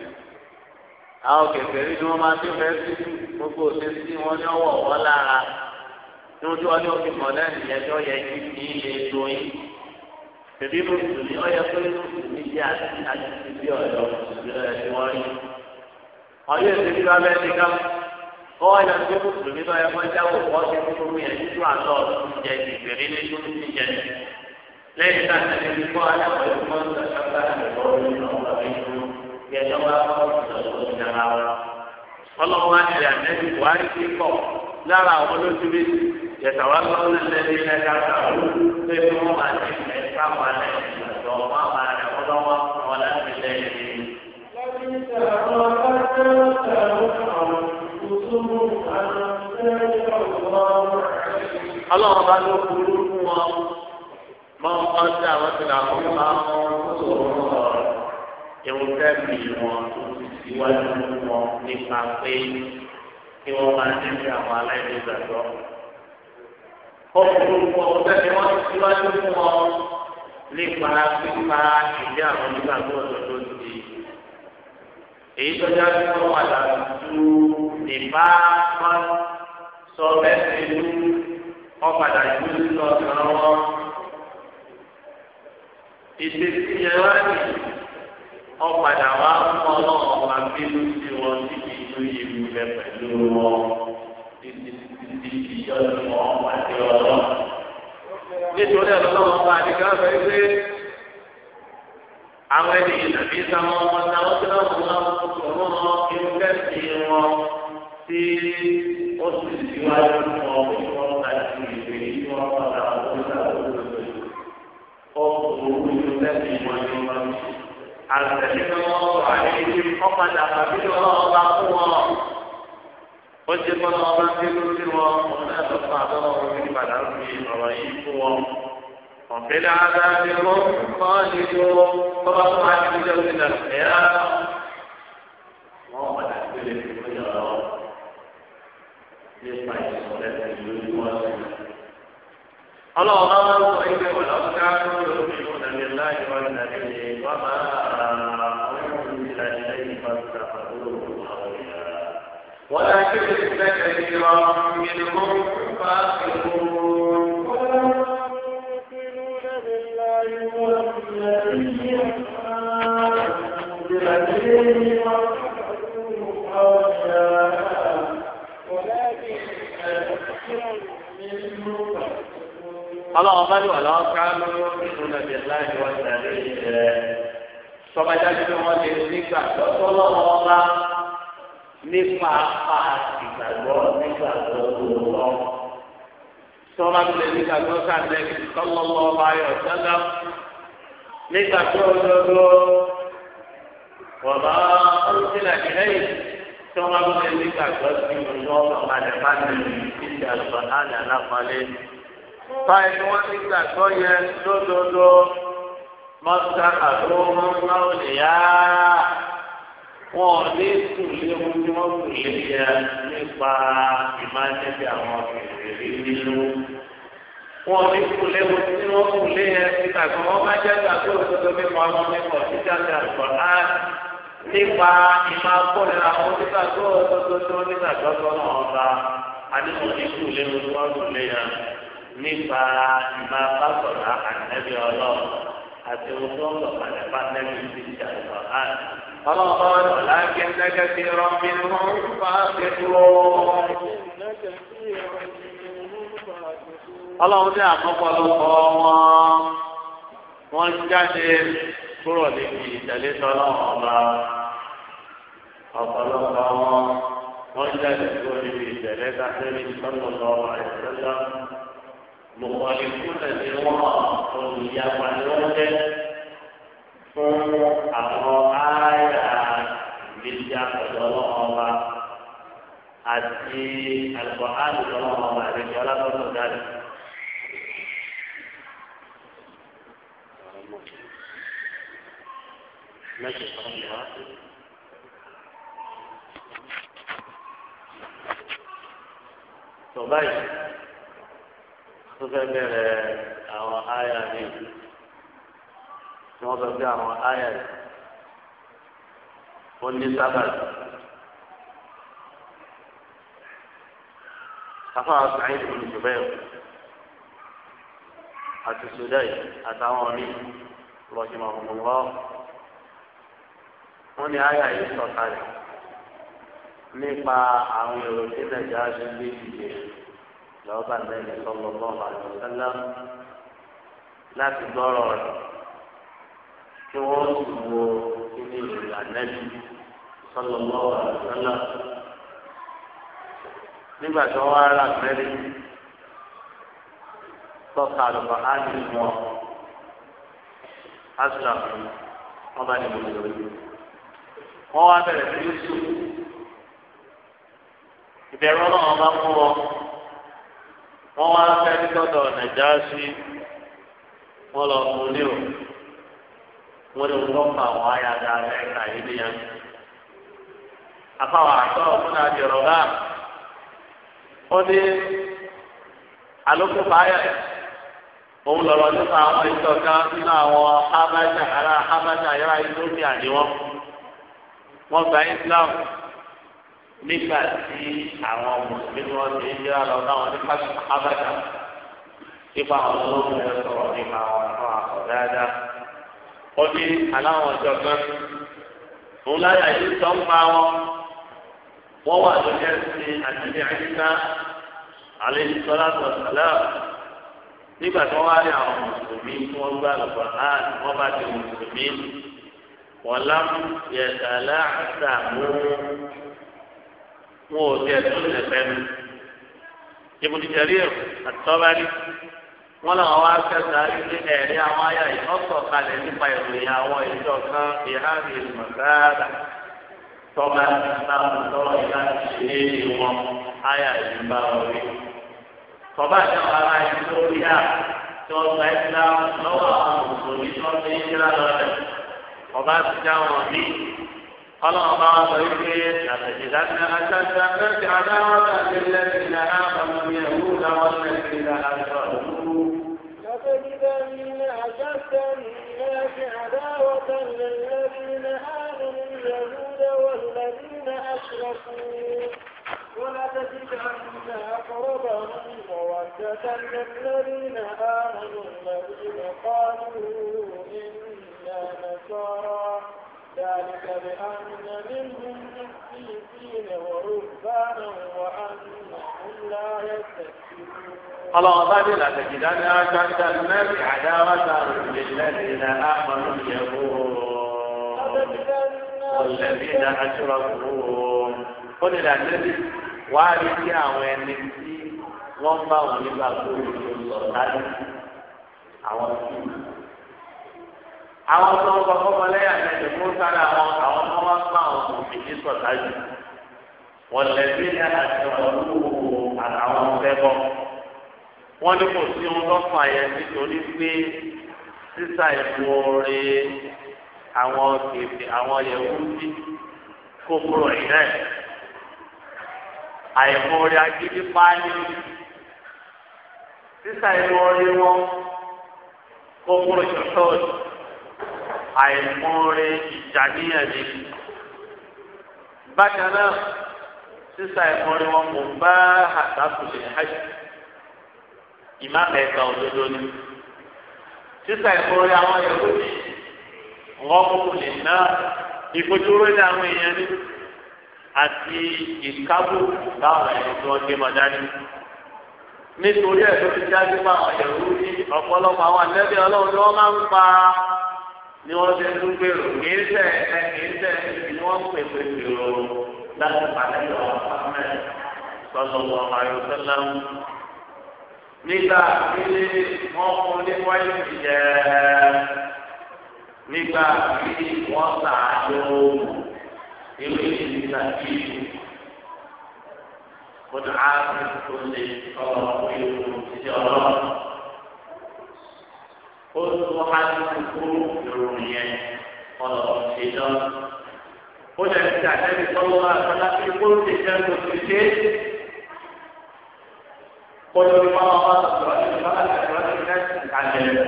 àwọn kẹfẹ́rí ni wọ́n máa ti fẹ́ sí gbogbo òṣèlú tí wọ́n ní ọwọ́ wọn lára ní ojú ọjọ́ ya mọ̀lẹ́ nìyẹn tó yẹ kí kì í yín. bèbí ọyẹ pé jẹ́ àti àti bí ọ̀dọ́ tí wọ́n rí. ọyẹ́ wọ́n yọ ní mùsùlùmí tó yẹ kó jáwó wọ́n ti kú fún yẹn nínú àlọ́ ìjẹ ìbèrè nínú ìjẹ lẹ́yìn náà ní ẹni kọ́ aláwọ̀ ẹni kọ́ ní ọ̀ṣọ́gbà àgbẹ̀wò nínú ọ̀rọ̀ ìlú yẹn tó bá kọ́ ìṣòro ìjọba wa. ọlọ́run á ti àtẹ́jú buhari ti kọ̀ lára àwọn olóṣèlú yẹ̀tàwá lọ́wọ́ lẹ́lẹ́dẹ́ lẹ́ka ti ẹ̀ sáwọn alẹ́ ìgbàdọ̀ wọn máa rẹ̀ wọ́n lọ́wọ́ wọn láti lẹ́yìn ọlọ́run bá ló burú fún wọn máa ń kọ́ sí àwọn tí làwọn fi máa ń sọ̀rọ̀ sọ̀rọ̀ ìwọ̀n fẹ́ fi wọn tó ti síwájú wọn nípa pé kí wọ́n máa ń tẹ̀lé àwọn aláìní ìgbàgbọ́. ọkùnrin wọn ò tẹ̀lé wọn ti síwájú wọn nípa pípa ìdí àwọn onígbàgbọ́ òdodo ti èyí tó já sí wọn padà ju ìbá wọn sọ bẹ́ẹ̀ sí ìlú wọn padà ju lọ sọ̀rọ̀ wọn. ìṣesí yẹn wá ní wọn padà wá mọ náà wá bínú sí wọn níbi tó yẹ wù lẹ pẹ̀lú wọn títí títí ìyọnu wọn wá sí ọlọ. nítorí ẹ̀rọ náà wọn máa di káfẹ́ pé àwọn ènìyàn nàbí sàmọ wọn náà tí wọn mú wọn kúrò wọn kí wọn kẹsì wọn tí ó sì síwájú wọn kí wọn kà sí ìwé tí wọn kọ náà wọn kà ló ló ló ọkọ òwú ló lẹsìn wọn ní wọn ní. àtẹ̀lé ni wọn wọ àyèké ọ̀padà àbí ọlọ́wọ́ bá fún wọn ó ṣe kọ́ náà wọn bá dé lórí wọn wọn náà lọ fún àbọ̀wọ̀ wọn ní padà ń fi ọ̀rọ̀ yìí fún wọn. وفي العذاب هم خالدون فقط ما يحتاج من الخيار وما تحتاج من الخيار nípa ìsọ̀rọ̀ ẹ̀sìn lórí wọn sí. ọlọ́run máa ń sọ ibi ọ̀nà ọ̀gá lórí ìlú nàìjíríà ìwà nàìjíríà wà máa ọ̀rẹ́kùn ní nàìjíríà ìfà sàfà lórí àwọn ìyá. wọ́n á kéde sí ẹ̀kẹ́ ìrọ̀ mímú fáfíwò. ọlọ́run bá ní ọ̀la ọ̀ká lọ́wọ́ nínú nàbí láì wọ́n tẹ̀lé rẹ̀ sọ́bàjáde bí wọ́n lè nígbà tọ́tọ́ lọ́wọ́ ọlá nípa apá ìgbàgbọ́ nígbà tó lọ́ sọ́ba tó lè nígbà tó sàlẹ̀ tọ́lọ́lọ́ ọba ayọ̀ sọ́dọ̀ nígbà tó lọ́dọ́ wọ̀bá ọ̀sílẹ̀ kìlẹ́yìn sọ́ba tó lè nígbà tó sí ọ̀nà ní ìdí àlùbọ̀nà àlàlá fa ẹni wọn ti gbàgbọ́ yẹn lódodo mọ́tà àdóhùn náà lè yá wọn ò ní sùlé wọn tí wọn sùlé yẹ nípa ìmájẹbi àwọn ìrírí nínú wọn ò ní sùlé wọn tí wọn sùlé yẹ nípa ìgbà wọn bá jẹ gbàgbọ́ òdodo mímọ́ ọmọ mímọ́ títí àti àgbọ̀ náà nípa ìmọ̀ akọ́lẹ̀ àwọn onígbà tó ọ̀tọ̀tọ̀ tó nígbà tó ọ̀tọ̀ náà ọba adéṣọ́ ìṣú lẹ́nu tó wà lù lẹ́yìn nípa ìmọ̀ bàbọ̀lá àtẹ́bí ọlọ́run àti ohun tó ń lọ padà bá nẹ́bí ti ṣe àìsàn án. ọlọ́run ọ̀rọ̀ láti ẹ̀ńdẹ́gẹ́ ti rán mi ní wọ́n ń fa àgbẹ̀dúró. ọlọ́run ní àkọ́pọ̀lọpọ̀ wọn wọ́n ń jáde kúrò níbi ìtẹ̀lé tọ́lọ́run ọba ọ̀pọ̀lọpọ̀ wọn ń jáde kúrò níbi ìtẹ̀lé tọ́lọ́run ọba ìtẹ̀lé Mokwa jikoutan se どう an an, kon jif gwa tou an mountou. Pons ap ron paye an liζav zolou an va. Asi al waja li 贯 a dan an vwa. T mode. Me peng waje. Ma gen ki panje. Sou bei. tó fẹ́ bẹ̀rẹ̀ àwọn àyà mi tí wọ́n sọ pé àwọn àyà ó ní sábàtì. afáà sàyìn ìlú jùbẹ́ẹ̀ àti sùdáì àtàwọn ọ̀rí lọ́sìmọ̀ ọ̀gbọ̀ngbọ́ wọ́n ní àyà yìí sọ̀kalẹ̀ nípa lọ́ba nẹ́ẹ̀mí sọ́lọ́ lọ́wọ́ àdìsẹ́lá láti gbọ́rọ̀ rẹ̀ kí wọ́n sì wo kíní ìrìn ànẹ́bí sọ́lọ́ lọ́wọ́ àdìsẹ́lá nígbà tí wọ́n ara mẹ́rin tọ́ka àlùbọ̀ á ní wọn asra wọn bá ní mùsùlùmí wọn wá bẹ̀rẹ̀ sí yusuf ìbẹ̀rù ọlọ́run bá mú wọn. wọ́n wá fẹ́ nígbọ́dọ̀ na wọ́n lọ mú ní o wọ́n lè wọ́n pa àwọn ayáda ẹ̀ka yìí ní yẹn. àfàwọn àtọ́ fún àjọrọ̀ náà ní alókùnfà ayà òun lọ̀rọ̀ nípa àwọn ìtọ́ka nínú àwọn Habasha ará Habasha yàrá ìlú àdéhùn wọ́n gba Islam. nígbà tí àwọn mùsùlùmí wọn ti ń yára lọ náà ní pásítọ̀ abájá nípa àwọn olóògùn rẹ sọ̀rọ̀ nípa àwọn àwọn àkọ́ dáadáa. ó ní aláwọn ọjọ́ kan òun láyà yìí sọ ń pa wọn wọ́n wà lórí ẹ̀sìn àtìlẹ́ àyíká àlẹ́ ìsọ́lá nígbà tí wọ́n wá ní àwọn mùsùlùmí tí wọ́n gbà lọ́pọ̀ náà tí wọ́n bá ti mùsùlùmí wọ́n lámú yẹ̀dá láàtà mú. wọn ò tiẹ̀ tún lè fẹ́ mi. Ibùdó Jẹ̀ríẹ̀ àtọ́bárí wọn làwọn wá kẹta ilé ẹ̀rí àwọn ayá yìí ọ̀sọ̀ kalẹ̀ nípa ìròyìn àwọn ìjọ kan ìhárì ìmọ̀sáàdà tọ́ba ìbámu tọ́ba ìbámu ṣe é wọn ayá yìí bá wọn rí. ìjọba ara yìí à tí gba àwọn ń Ọba ti wọn bí ọlọ́run الله wá لتجدن أشد الناس عداوة للذين آمنوا اليهود والذين أشركوا ولتجدن أقربهم مودة للذين آمنوا الذين قالوا إنا نصارى ذلك بأن منهم مسيحين ورهبانا وأنهم لا يستكبرون الله ظل لتجدن أشد الناس عداوة للذين آمنوا اليهود والذين أشركوا قل للنبي وارث يا وين wọ́n bá wọn nígbà tó àwọn tó ń kọ́kọ́ mọ lẹ́yìn àtẹ̀jọ́ fún sára àwọn àwọn tó wá fún àwọn òbí ní sọ̀tà jù wọ́n lẹ́bí ní àti ọ̀rọ̀ àtàwọn ọ̀fẹ́kọ̀ wọ́n ní kò sí ohun tó fà yẹn nítorí pé sísà ìmúore àwọn kèfì àwọn yẹ̀wúdí kòkòrò ìrẹ́ àìmúore agídí páálí sísà ìmúore wọn kòkòrò ìṣòṣòṣò. àìmúre ìjàníyàn ni bákan náà sísá ìmúre wọn kò bá àtàkùnlé hajj ìmáàmù ẹ̀ka òdodo ni sísá àwọn ni wọn kò lè ná ìfojúró ní àwọn èèyàn ni àti ìkábò báwọn tí gbé dání nítorí ti jáde fún àwọn yòókù ọ̀pọ̀lọpọ̀ àwọn ọlọ́run ni wọ́n máa ń pa. ni wọ́n ṣe ń gbèrò kì í sẹ́ ẹ kì í sẹ́ ni wọ́n pè pé gbèrò láti pàdé lọ́wọ́ pàmẹ́ sọ́dọ̀ àyọ̀sẹ́lá nígbà tí wọ́n fún ní wáyé jẹ́ nígbà tí wọ́n sàájọ́ ìwé ìdílé àti ìlú kódà á tó lè sọ̀rọ̀ ìlú ìdílé ọlọ́run ó tó wá kúkú ìròyìn yẹn ọ̀nà ìṣèjọ́. ó lè fi àtẹ́bí sọ́wọ́ àtọ́lá tí kó ti jẹ́ kó ti ṣe é. kó lórí máa wá sọ̀rọ̀ ní ìfọ̀lá ìfọ̀lá ti fẹ́ sùn kalẹ̀ lọ.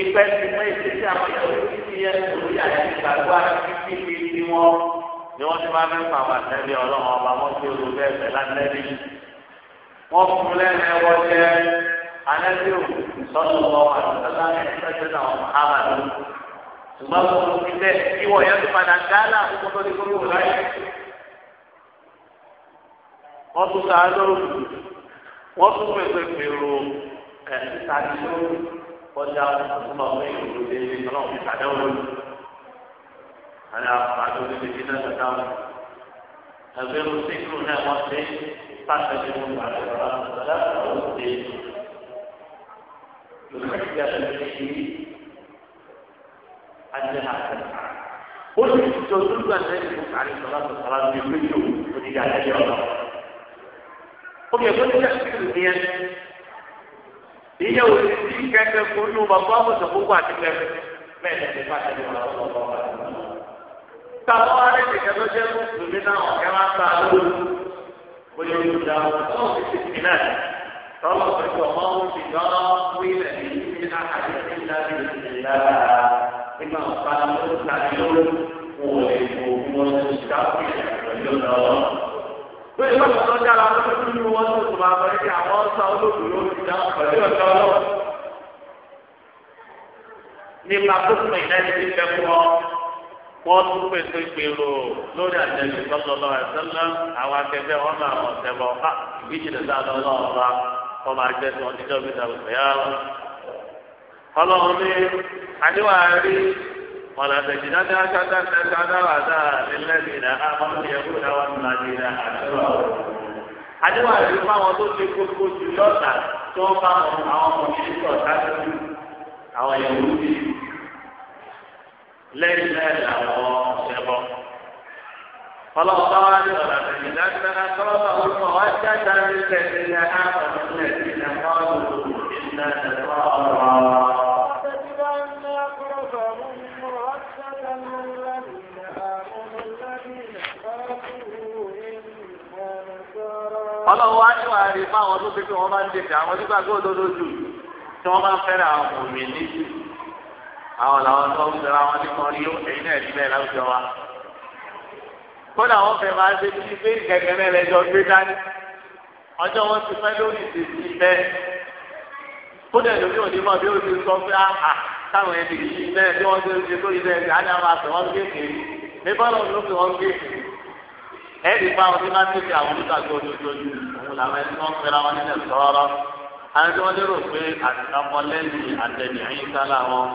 ìpẹ́ ti pẹ́ ìṣesí àwọn ìyàwó títí yẹn lórí àti ìgbàgbọ́ àti títí fi wọn ni wọ́n ti máa fẹ́ fà wà tẹ́lẹ̀ ọlọ́run ọba wọn tí olùfẹ́ fẹ́ lánàá anábíò sọ́nù ọ̀wà àtàlà ẹ̀ẹ́dẹ́gbẹ̀ta àwọn muhammadu ṣùgbọ́n mo mú mi bẹ́ẹ̀ kí wọ́n yẹn ti padà gánà àkókò tó ti kúrò láyé. wọ́n tún ta lóru wọ́n tún pèpè pèrò ẹ̀ ìtàdí lóru kọjá ọmọ mi ìlú délé ọlọ́run fi tàdé wọn lóru. àyà àti olùdíje ti náà tẹ̀ka wọn. ẹgbẹ́ ló ti kúrò náà wọ́n ti pàṣẹ nínú àgbẹ̀rọ̀ àti ọ̀dọ́ àti ọ̀dọ́ يخشى المسلمين أنها تنفع قلت تقول أن النبي عليه الصلاة والسلام يخرجه ونجا عليه الله قم يقول تحكي الدين هي والتي كانت كل مقام تقوم بها ما تنفع تنفع tàwọn arẹ́tẹ̀ kẹfẹ́ jẹ́ mùsùlùmí náà ọ̀kẹ́ máa ń ta lóru bóyá olùdarí ọ̀hún ti ti náà tọ́lọ̀ pẹ̀lú ọmọ ń fi dọ́lọ́ fún ilẹ̀ yìí ní àkàtì ní ìdájọ́ ìdára nígbà ọ̀pá ló tàbí ló kò lè kó wọn tó dákú ilẹ̀ pẹ̀lú lọ́wọ́. Bí ìwé ìwọ̀n tó dára ló tún ní wọ́n tó tó máa bẹ̀rẹ̀ kí àwọn ọ̀sán olóògùn ló ti dáhùn pẹ̀lú ọ̀dọ́ lọ́wọ́. Nípa tó fún ìdájọ́ ti fẹ́ fún ọ, wọ́n tún pèsè ìgbèrò lórí àtẹ̀lẹ́ sọ́dọ̀ lọ́wọ́ ẹ̀sán náà àwọn akẹgbẹ́ wọn náà wọ̀ kọ́ máa jẹ́ sí wọn níjọ́ bí ìdàgbò ìyá wọn. ọlọ́run ní àdéhùn àárí ọ̀nà àtẹ̀jìdá ní aṣáájá ní aṣáájá wà dáa nílẹ̀ nìyẹn àwọn ìyẹ̀wò náà wà nínú àdéhùn àdéhùn àdéhùn àárí fáwọn tó ṣe gbogbo jù lọ́tà tó fáwọn àwọn ọmọ lẹ́yìn lẹ́yìn àwọn ọ̀sẹ̀ bọ́ ọlọ́run bá wá ní ọ̀nà tẹ̀lé lágbára tọ́lọ́bà orúkọ wá jáde ní tẹ̀lé ní àpàtà nílẹ̀ sí ní àpáwọn ìlànà ẹ̀fọ́ ọ̀rọ̀. ọlọ́run wá ní wàá rí fáwọn tó ṣe pé wọ́n bá ń dèbè àwọn nígbà tó dodo jù tí wọ́n bá ń fẹ́ràn àwọn òmìnir àwọn làwọn tó ń fẹ́ràn àwọn nípa orí ẹ̀yin náà ẹ̀dínlẹ̀ láwùjọ wa kódà wọn fẹ́ máa ṣe bíi pé kẹkẹrẹ rẹ jọ gbé dání ọjọ́ wọn ti fẹ́ lórí ìṣèṣì bẹ́ẹ̀ kódà lórí onímọ̀ bí ó ti sọ pé àhà ah, ah, táwọn ẹni yìí náà bí wọn ṣe ń ṣe lórí bẹ́ẹ̀ àdá máa fẹ́ wọn gbèsè ní bọlọ ló fi wọn gbèsè ẹni bá wọn ní máa tẹsí àwọn oníkàgbé ojoojúmọ́ òun làwọn ẹni wọn fẹ́ra wọn nílẹ̀ sọ̀rọ̀ àwọn tí wọn lérò pé àtàkọ lẹ́yìn àtẹnìyàn yìí sálà wọn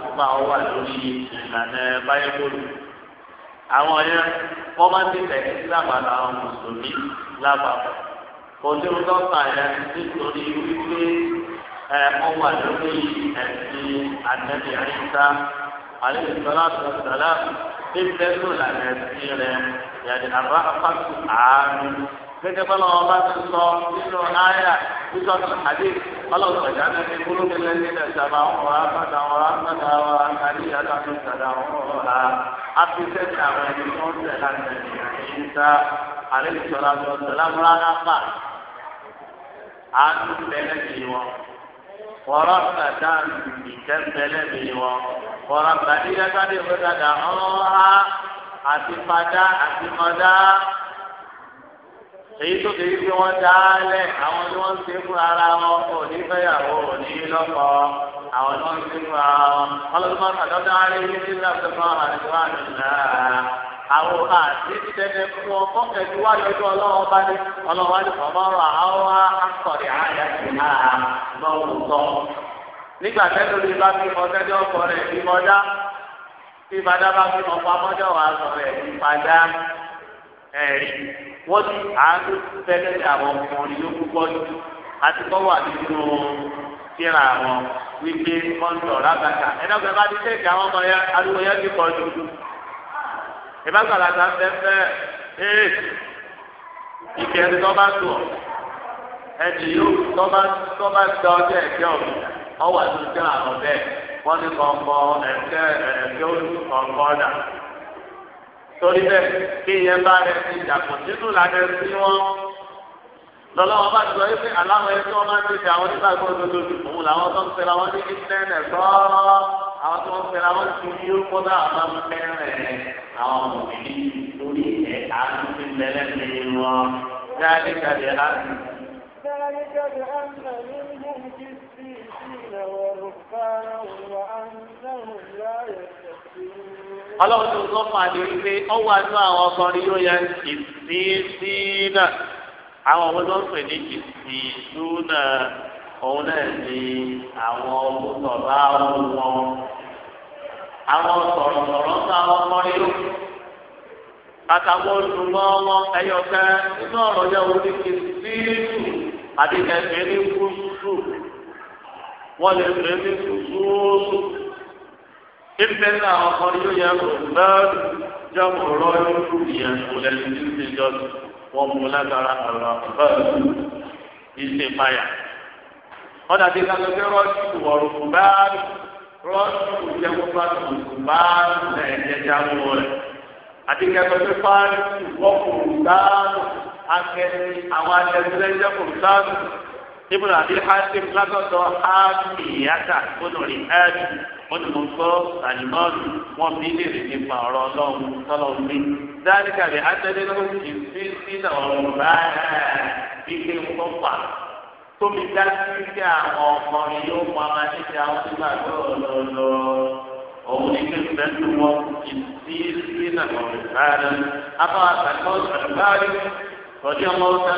fún àwọn yẹn wọ́n máa ti tẹ̀lé síláàbà làwọn mùsùlùmí lápapọ̀ kò tí wọ́n tọ́ka yẹn nítorí wípé ẹ wọ́n wà lórí ẹ̀sìn àtẹ̀lé àyíká àlejò sọlá sọlá ní bẹ́ẹ̀ tó lànà ẹ̀sìn rẹ̀ yàtọ̀ apá tó àánú gẹ́gẹ́ bá lọ́wọ́ bá ti sọ nínú náírà títọ́ àdé ọlọ́run ẹ̀dá ní kúrú ní lẹ́yìn ilẹ̀ sábà wọn wá bàtà wọn wá bàtà wọn wá kárí yàtọ̀ àti ìsàdà wọn wọn wá ápí sẹ́sì àwọn ẹni tó ń tẹ̀ láti ẹ̀yìn ìta àlẹ́ ìṣọ́ra tó ń tẹ̀ lámúra náà pa á tún bẹ́ẹ̀ bí wọn wọ́rọ́ bàtà ìkẹ́bẹ́lẹ́ bí wọn wọ́rọ́ bàtà ìyẹ́ká èyí tó ti wípé wọ́n dálẹ̀ àwọn tí wọ́n ń ṣe fún ara wọn kò ní fẹ́yàwó ò ní lọ́kọ àwọn tí wọ́n ń ṣe fún ara wọn ọlọ́dún máa tàdọ́ dáálé ní nígbà tó máa wà nínú àdúrà àwọn àti tẹ̀lé fún ọ fọ́kẹ̀tì wá lọ́jọ́ ọlọ́wọ́ bá ní ọlọ́wọ́ á ní fọmọ́ rà áwọ́ akọ̀rì àyà sí náà mọ́ òótọ́ nígbà tẹ́lẹ̀ lórí bá fi mọ tẹ́lẹ̀ ọkọ rẹ̀ bí mọ́dá bí padà bá fi mọ pamọ́jọ́ wà sọ̀rọ̀ ẹ̀ bí padà. ẹ̀rí wọ́n ti àánú fẹ́lẹ́ ní àwọn púpọ̀ jù àti kọ́ wà nínú kíra àwọn wípé bá ti àwọn ọmọ yẹn ti pọ̀ jù fẹ́fẹ́ ee tó bá ẹni yóò tó bá tó bá ẹ̀kẹ́ ọ̀gbìn àwọn bẹ́ẹ̀ wọ́n ẹ̀kẹ́ torí bẹ́ẹ̀ kí ìyẹn bá rẹ ti dàpọ̀ nínú làdẹ sí wọn lọ́lọ́wọ́ bá ti sọ wípé aláwọ̀ ẹni tí wọ́n máa ń tètè àwọn onígbàgbọ́ òdodo òun làwọn tó ń tẹ̀lé àwọn ní ìtẹ́nẹ̀ sọ́ọ́rọ́ àwọn tó ń tẹ̀lé àwọn tó ń yí kódà àwọn mẹ́rẹ̀ àwọn mòmìnì lórí ẹ̀ àdúgbò lẹ́lẹ́sẹ̀ wọn dáadé kàdé àdùn. ذلك بأن منهم قسيسين ورهبانا وأنهم لا يستكبرون ọlọ́run tó sọ fún àdé wípé ọwọ́ àánú àwọn ọkùnrin yóò yẹ ìsísínà àwọn ọmọ tó ń pè ní ìsísínà òun náà ni àwọn ọmọ bá wọn àwọn sọ̀rọ̀sọ̀rọ̀ ń sọ àwọn ọkùnrin yóò àtàwọn olùmọ̀ wọn ẹ̀yọ̀kẹ́ nínú ọ̀rọ̀ yẹn wọ́n ti kì í àti kẹ̀kẹ́ ní kúrúsù wọ́n lè pè é ní kúrúsù ìfẹ́ náà àwọn kan yóò yẹ ọ̀gbẹ́rù jọ́mọ̀ ọ̀rọ̀ irú ìyẹn ìwòlẹ́sì tí ń ṣe jọ́sí wọ́n mú lágbára ọ̀rọ̀ ọ̀gbẹ́rù ìṣe fàyà. wọ́n dàbí kankan pé rọ́ọ̀sì ìwọ̀rùkù bá rọ́ọ̀sì ìjẹ́kúfà tòkù bá ẹ̀ẹ́dẹ́jà mú rẹ̀. àti kankan pé fáàrí ìwọ́kùnrin bá akẹ́ni àwọn akẹ́sílẹ́jẹ́ kò sáàmù ibùdó wọ́n ti mọ̀ gbọ́ àlùmọ́ọ̀lù wọ́n fi léèrè nípa ọ̀rọ̀ ọlọ́run tọ́lọ̀ mi. dáríkà rẹ̀ adẹ́dẹ́gbẹ́ ti fi sílẹ̀ ọ̀rọ̀ rárá bí pé wọ́n fà. tómi dá sí kí àwọn ọmọ yóò mọ ọmọ títí àwọn tó máa gbọ́ ọ̀lọ́lọ́. òun ní kí pẹ̀lú wọn ti fi sílẹ̀ ọ̀rọ̀ rárá. abọ́ àtàkọ́ sàlùbárì rọ̀dí ọmọ ọ̀sán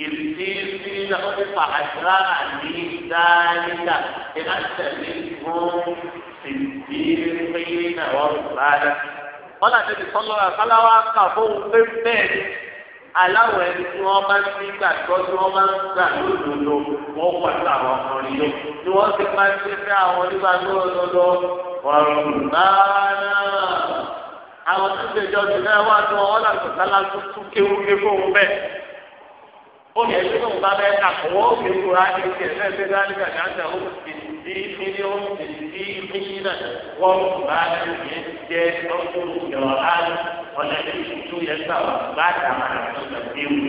يبتيسين أطف أسرار ذلك إن أنت منهم سنتين قيل ورسالة wọ́n láti ti sọ́lọ́ àkàláwá kà fóun pé bẹ́ẹ̀ ni aláwọ̀ ẹni tí wọ́n bá ti gbà tọ́ tí wọ́n bá ń gbà lódodo wọ́n pàtó àwọn ọkùnrin yìí tí wọ́n ti máa ń fẹ́ àwọn onígbà lódodo ọ̀rùn náà àwọn tó ń ṣèjọ́ ti náà wà tó wọn láti sọ́lá tó tún kéwúké fóun bẹ́ẹ̀ olùyẹ̀dí ló ń bá bẹ́ẹ̀ kà wọ́n ó fi kura ní ti ẹ̀ lẹ́sẹ̀ dání kàkà ń tẹ̀wọ́ fìdí mílíọ̀nù fìdí mílíọ̀nù wọ́n bá lóye jẹ́ lọ́dún yọ̀ọ́ láti ọ̀nà ìṣújú yẹn sábà bá dàmà lọ́dún ẹ̀wù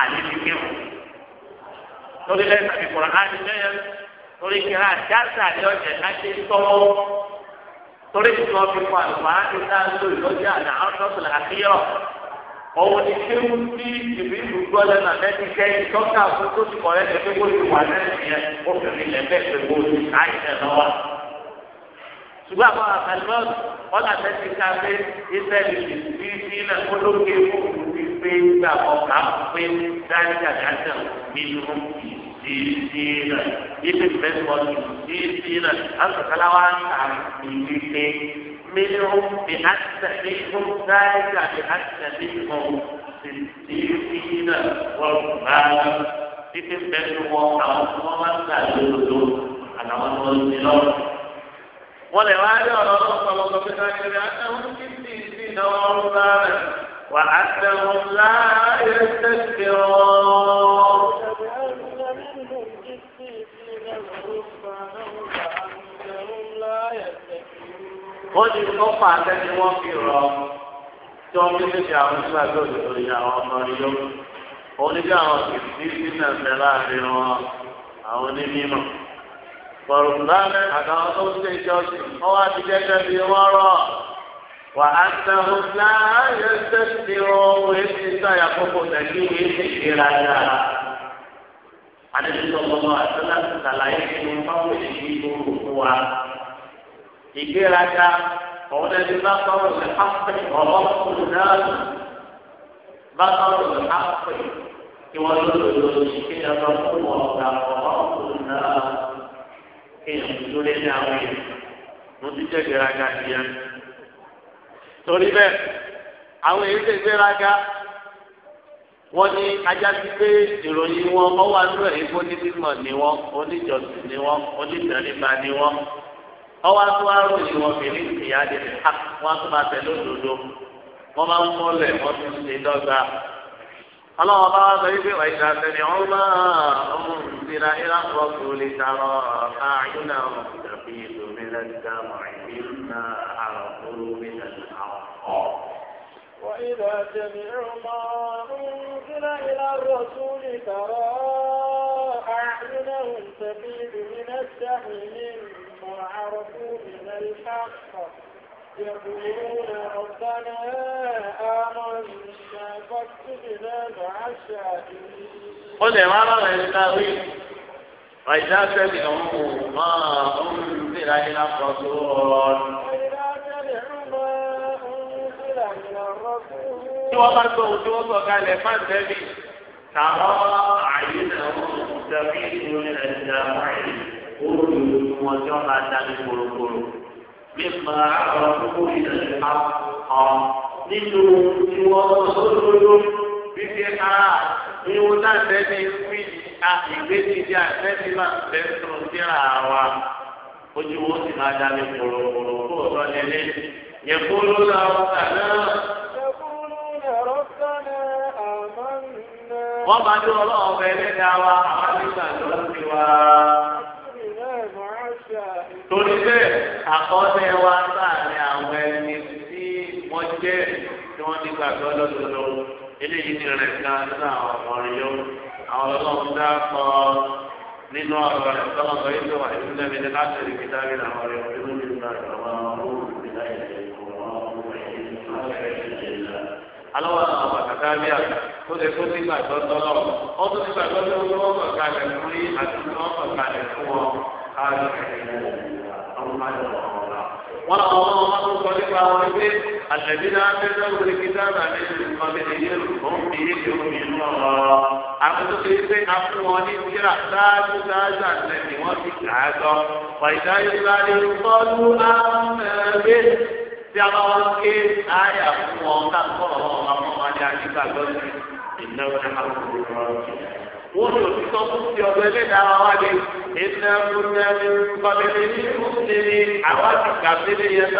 àdébí kéwù. lórí lẹ́yìn tàbí kura láti lẹ́yìn lórí kíra jáde àti ọ̀jẹ̀ láti tọ́wọ́ torí tí wọ́n fi kọ́ àlùfáà ti dá lórí lọ́jà àná ọwọ́ ni ṣé ń bí ìbí ìdúgbò lẹ́nu àtẹ́tí kẹ́yìn dọ́kítà fún tó ti kọ̀rẹ́ tẹ̀ pé wọ́n ti wà lẹ́nu yẹn obìnrin lẹ́gbẹ́ pé kò ní àìsàn náà wá. ṣùgbọ́n àwọn àkàlùmọ́ ọ̀là tẹ́tí ká pé iṣẹ́ ìlú bí bí náà kó ló ké fún mi pé gbà ọ̀ká pé dáríjà dáríjà mi ló ń kì sí náà ibi ìfẹ́ sọ̀rọ̀ kì í sí náà منهم بحتى منهم ذلك بحتى منهم ستين ورهبانا تتم بينهم وقوم تعلمون أنا أقول لهم ولو أن الله صلى الله عليه وسلم ستين ورهبانا وأنهم لا يستكبرون لا يستكبرون ó ní kọ́pà àtẹ́ni wọ́n fi rọ tí wọ́n fi tètè àwọn nígbà tó ti tó àwọn ọmọ rí lóko oníbí àwọn kìtì sínú ẹ̀fẹ̀ láàrin wọn àwọn onímọ̀ pọ̀rùnbámẹ́ àtàwọn tó ń ṣe ìjọsìn wọ́n wá ti gẹ́gẹ́ bí wọ́n rọ̀ wà á sẹ́wọ́n láàyè sẹ́sì ohun èsì sáyà kókó tẹ̀lé èsì ìrajà àdébísọ̀ gbọ́dọ̀ àtẹ́lá ti sàlàyé fún fáwọn èyí gbogbo wa. ìgbéraga òun ẹni bá sọ̀rọ̀ lè hápẹ́ ọ̀rọ̀ kúrò náà bá sọ̀rọ̀ lè hápẹ́ kí wọ́n lọ lọ lọ sí kí ẹ lọ fún wọn gba ọ̀rọ̀ kúrò náà kí ẹ lọ lé ní àwọn yìí mo ti jẹ́ ìgbéraga nìyẹn. torí bẹ́ẹ̀ àwọn èyí tẹ̀ ìgbéraga wọ́n ní ajá sí pé ìròyìn wọn ọwọ́ àdúrà èkó ní mímọ̀ ni wọ́n oníjọsìn ni wọ́n onítẹ̀lẹ́bà ni wọ́n ọwọ atún wa rò yìí wọn fèrè ìyá di ní ha wọn atún máa tẹ̀lé òdodo wọn máa ń mọlẹ wọn tún ṣe dọ́gba ọlọ́wọ́ bá wá sọ wípé wà ìgbà sẹ́ni ọ̀hún máa ọmọ ìdíra ìlà ọ̀pọ̀ lè sàrọ̀ àyùnà ìdàbí ìdòmí lẹ́dá màìbí náà àròkúrú mi lẹ́nu àwọn ọ̀. وإذا سمعوا ما أنزل إلى الرسول ترى أعينهم تفيض من السحر وعرفوا من الحق يقولون ربنا آمنا فاكتبنا مع الشاهدين قل يا مرة القوي وإذا سمعوا ما أنزل إلى الرسول tí wọ́n bá gbọ́ ojú ọgbọ́ kalẹ̀ má tẹ́lẹ̀ tààrọ́ àyè náà tẹ̀lé ìlú ẹ̀dá wáyé. kúrò ní ojú wọn tí wọn bá dání korokoro bí ma ọ̀rọ̀ kúkú yìí lè fa ọ nínú tí wọn mọ sódodo wípé a ní wọn náà tẹ́lẹ̀ wí a ìgbésíde àtẹ́lẹ̀ máa fẹ́ tó síra wa ojú wọn sì máa dání korokoro kó o sọ lélẹ̀ yẹ kúrò lọ́wọ́ kàná. wọ́n bá dún ọlọ́run lẹ́dàá wa àwọn àti ìgbà tó ń fi wá torí bẹ́ẹ̀ àkọọ́lẹ̀ wa láàrin àwọn ẹni tí wọ́n jẹ́ tí wọ́n ti gbàgbọ́ lọ́dọọdọ eléyìí ti rẹ̀ ká nínú àwọn ọmọrin yó àwọn ọlọ́run dá kọ nínú ọ̀rọ̀ rẹ̀ tọ́lọ́ sọ yìí tó wà nínú ẹ̀mí ní láti rí kí dárí àwọn ọ̀rẹ́ òfin ló ní ìgbà ìjọba alọ́wọ́ àwọn bàtàkà bí a ó lè kó nígbà tó tọ́lọ̀ ó tún nígbà tó tọ́lọ̀ ó tún nígbà tó tọ́lọ̀ ó tún nígbà tó tọ́lọ̀ wọn àwọn ọmọ wọn tó sọ nípa wọn pé àtẹ̀bílá abẹ́rẹ́ òwúrẹ́ kíkà àti ìfọ̀tẹ̀lẹ̀ yẹn òun fi yé kí omi inú ọ̀rọ̀ àkókò tó yẹ pé a fún wọn ní kíra sáájú sáájú àtẹ̀ ni wọ́n ti kà á sọ pàìdá yóò bá tọ́jú àmẹ́rẹ́ tí a bá wọn ké àyà fún wọn ká kọ́ ọ̀rọ̀ wọn máa ní àyíká lọ́sìn ìnáwó ní àwọn olùkọ́ ọ̀rọ̀ wọ́n yóò ti sọ fún ti ọ̀dọ̀ ẹlẹ́dàá wa ni iná múná ní pàmílì ní ìfúnni ní àwa ti kàmílì yẹn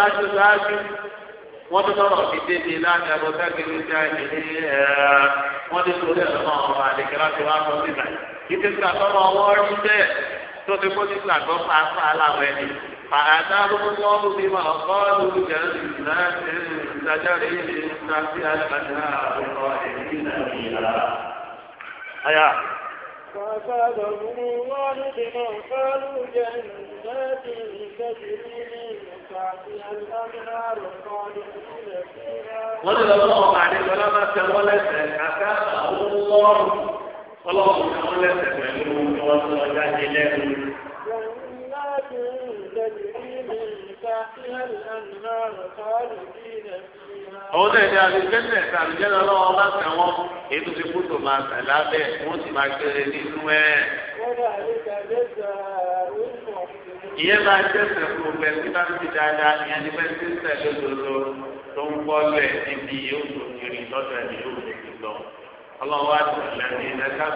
فأصابهم الله بما قالوا جنات تجري من تحتها الأنهار خالدين فيها ولد الله بعد السلامة ولد أتاه الله ọlọ́run àwọn lẹ́sẹ̀ pẹ̀lú ọwọ́ tó ọjà ṣe lẹ́nu. جنات تجري من تحتها الأنهار خالدين فيها òun náà ní àlùjẹ́nà ẹ̀ka àlùjẹ́nà ọlọ́wọ́ bá tẹ̀ wọ́n èyí tó ti kú tó máa tẹ̀ lábẹ́ wọ́n sì máa kéré nínú ẹ̀. ìyẹn máa jẹ́sẹ̀ fún ọgbẹ́ tí bá ti dáadáa ìyẹn ní bẹ́ẹ̀ tí ń tẹ̀ lódodo tó ń bọ́ lẹ̀ níbi yóò tó kiri lọ́dọ̀ ẹ̀ yóò tó kiri lọ. ọlọ́wọ́ àtẹ̀lẹ́ ní ẹ̀dáká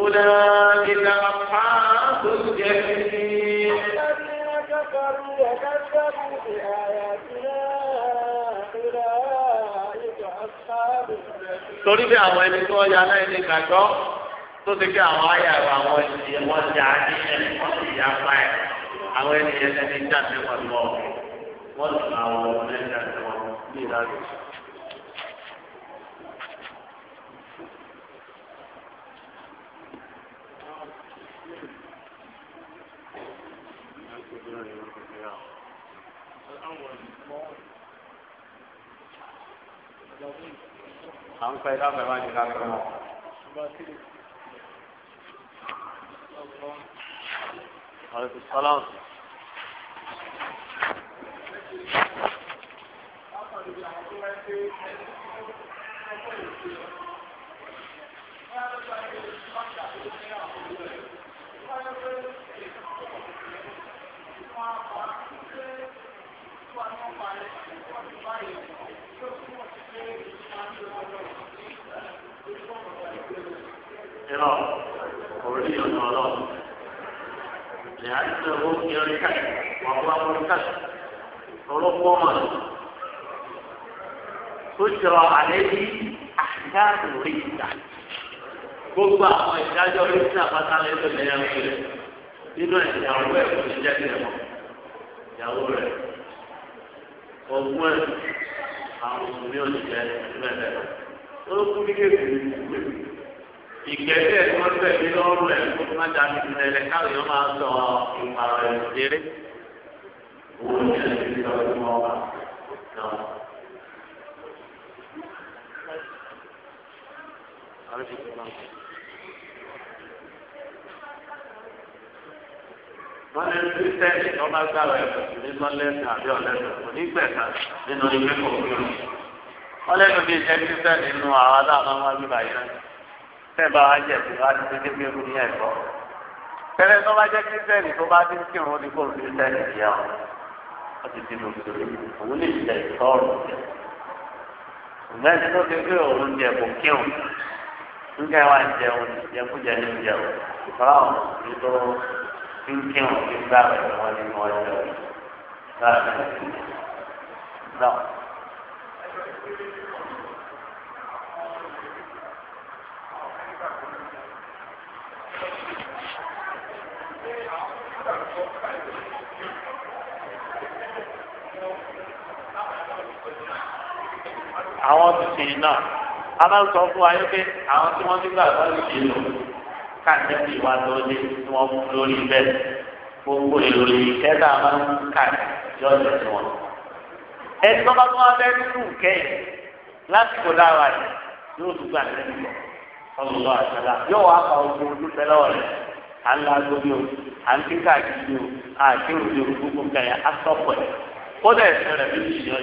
أولئك أصحاب الجحيم كفروا وكذبوا بآياتنا أولئك أصحاب الجحيم torí bí àwọn ẹni tó ọjà náà ẹni gbàgbọ́ tó ti kí àwọn ayé àwọn àwọn ènìyàn wọn jà á ní ẹni wọn sì yá pa àwọn ènìyàn ẹni jáde wọn lọ wọn sì máa wọ jáde wọn ní ìlànà ìṣòro. à ń pẹ́ dábẹ́ wá ní lápẹ́ wọn. Aleykum salaam. Thank you. irọ́ orí ọ̀nà ọlọ́run ní àìsàn owó irin káì wà fún amúrí káì ọlọ́pọ̀ ọmọ tó jọ àlẹ́ bí gbogbo àwọn ìdájọ́ orí sí àpáta lẹ́sẹ̀ lẹ́yìn nínú ẹ̀sìn àwọn ẹ̀kọ́ ìyàwó rẹ̀. ọgbọ́n ẹ̀ àwọn mùsùlùmí òṣìṣẹ́ ìbẹ̀rẹ̀ ó kú ní kékeré ìgbẹ́sẹ̀ tí wọ́n tẹ̀ ní lọ́rùn ẹ̀ kó má dá mi sílẹ̀ lẹ káwọn máa sọ ìwà rẹ̀ léré owó ní ẹ̀ ti sọ fún ọba náà. Thank you. wọ́n lé kírísítẹ́nì tó bá gbà wẹ̀ ní lọ́lẹ́sìn àbí ọ̀lẹ́sìn kò ní gbẹ̀sà nínú ilé kòkòrò. wọ́n lẹ́nu bíi jẹ́ kírísítẹ́nì nínú àwọn adáàmọ́ wọn bí báyìí náà. bẹ́ẹ̀ bá wá jẹ̀ fún wa ti ṣe kékeré ní ẹ̀kọ́. tẹ́lẹ̀ tó bá jẹ́ kírísítẹ́nì tó bá ti ń kírun ó ní kó kírísítẹ́nì yá o. wọ́n ti dín lóṣèlú òun lè jẹ ìtọ́rù. ìgbẹ́ni tó ti gbé òun tí ń kí wọn fi gbá rẹ wọn ní wọn jọ rẹ láti lọ. àwọn tuntun náà a máa ń sọ fún wa yìí pé àwọn tí wọ́n ti gbà wọ́n ti lò káàdẹ́bí wa tó dé tí wọ́n mú lórí bẹ́ẹ̀ gbogbo ìròyìn kẹta máa ń kà yọ ọ̀dọ̀ tí wọ́n. ẹni tó bá tún wá bẹ́ẹ̀ nínú kẹ́yìn lásìkò dára rẹ̀ yóò tún gbà lẹ́nu lọ ọlọ́lọ́ àṣàlá yóò wá pa ogun olúfẹ́ lọ́wọ́ rẹ̀ à ń láago ní o à ń kíkà kí o à ń kírun ní o gbogbo kẹyà á sọ̀pọ̀ ẹ̀ ó dẹ̀ ṣẹlẹ̀ bí ìyọ́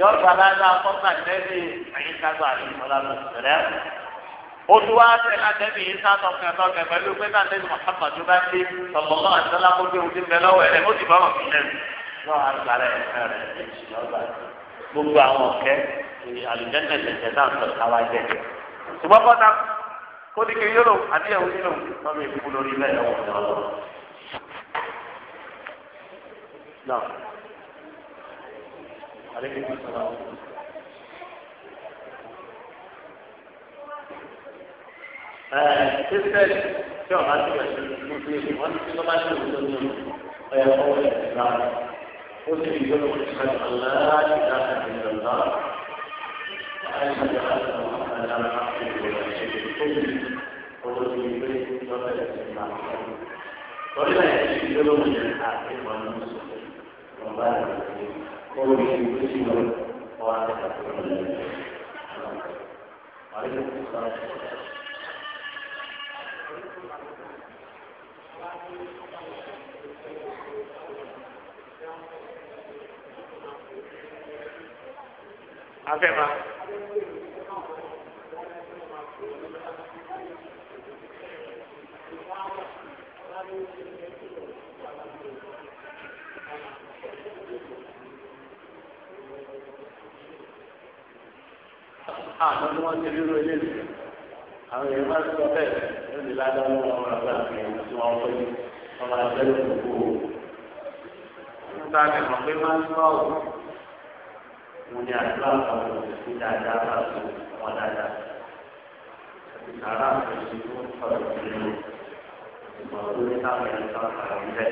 yọ ọ̀gbà olùwà tẹ adẹ́bí yìí sá tọkàn tọkàn pẹ̀lú pé náà tẹ́lẹ̀ Muhammad tó bá dé sọ̀lọ́lọ́ àtàlà kó dé ojú bẹ lọ́wọ́ ẹ̀ ó sì bá wọn fi lẹ́nu. yóò wá gba rẹ rẹ gbogbo àwọn ọ̀kẹ́ àlùjẹ́ńdẹ̀ tẹ̀tẹ̀ náà sọ káwá jẹ. ṣùgbọ́n bọ́tà kó ní kí yóò àbí ẹ̀hún yóò wọ́n mi kú lórí bẹ́ẹ̀ lọ́wọ́ kristian tí ọba ti wẹ̀ sí mùsùlùmí wọn ti lọ́ba ti wù tó nínú ọ̀yà ọwọ́ ẹ̀ ti náà ó sì fi gbọ́dọ̀ wọ́n ti sọ aláàjì láti fi lọ lọ aláàjì láti lọ aláàjì lọ ṣe tó bí olórí ilé lọ́bẹ̀ ti máa ń bọ̀. lórí náà ẹ̀ ti gbọ́dọ̀ wọ́n ti àti wọn ní sọ̀rọ̀ ọba rẹ̀ ó rí ìwé sí wọn ọba rẹ̀ àti wọn lẹ́yìn. afẹ́ma. àwọn ah, ni wọ́n ti rí ro ilé ìlú àwọn èèyàn máa ń sọ bẹ́ẹ̀ ló lè ládàá lọ́wọ́ àwọn àgbà àgbẹ̀yìn tí wọ́n fẹ́ ọmọ àgbẹ̀ lóko. nígbà tí wọ́n pé máa ń sọ ọ̀hún mo ní àdúrà àwọn òṣìṣẹ́ dáadáa bá sọ wọn dáadáa. sàrà àfẹsí tó ń sọ̀rọ̀ nínú ìmọ̀ tó ní káwọn ẹ̀yìn kan kàrọ̀ ń bẹ̀.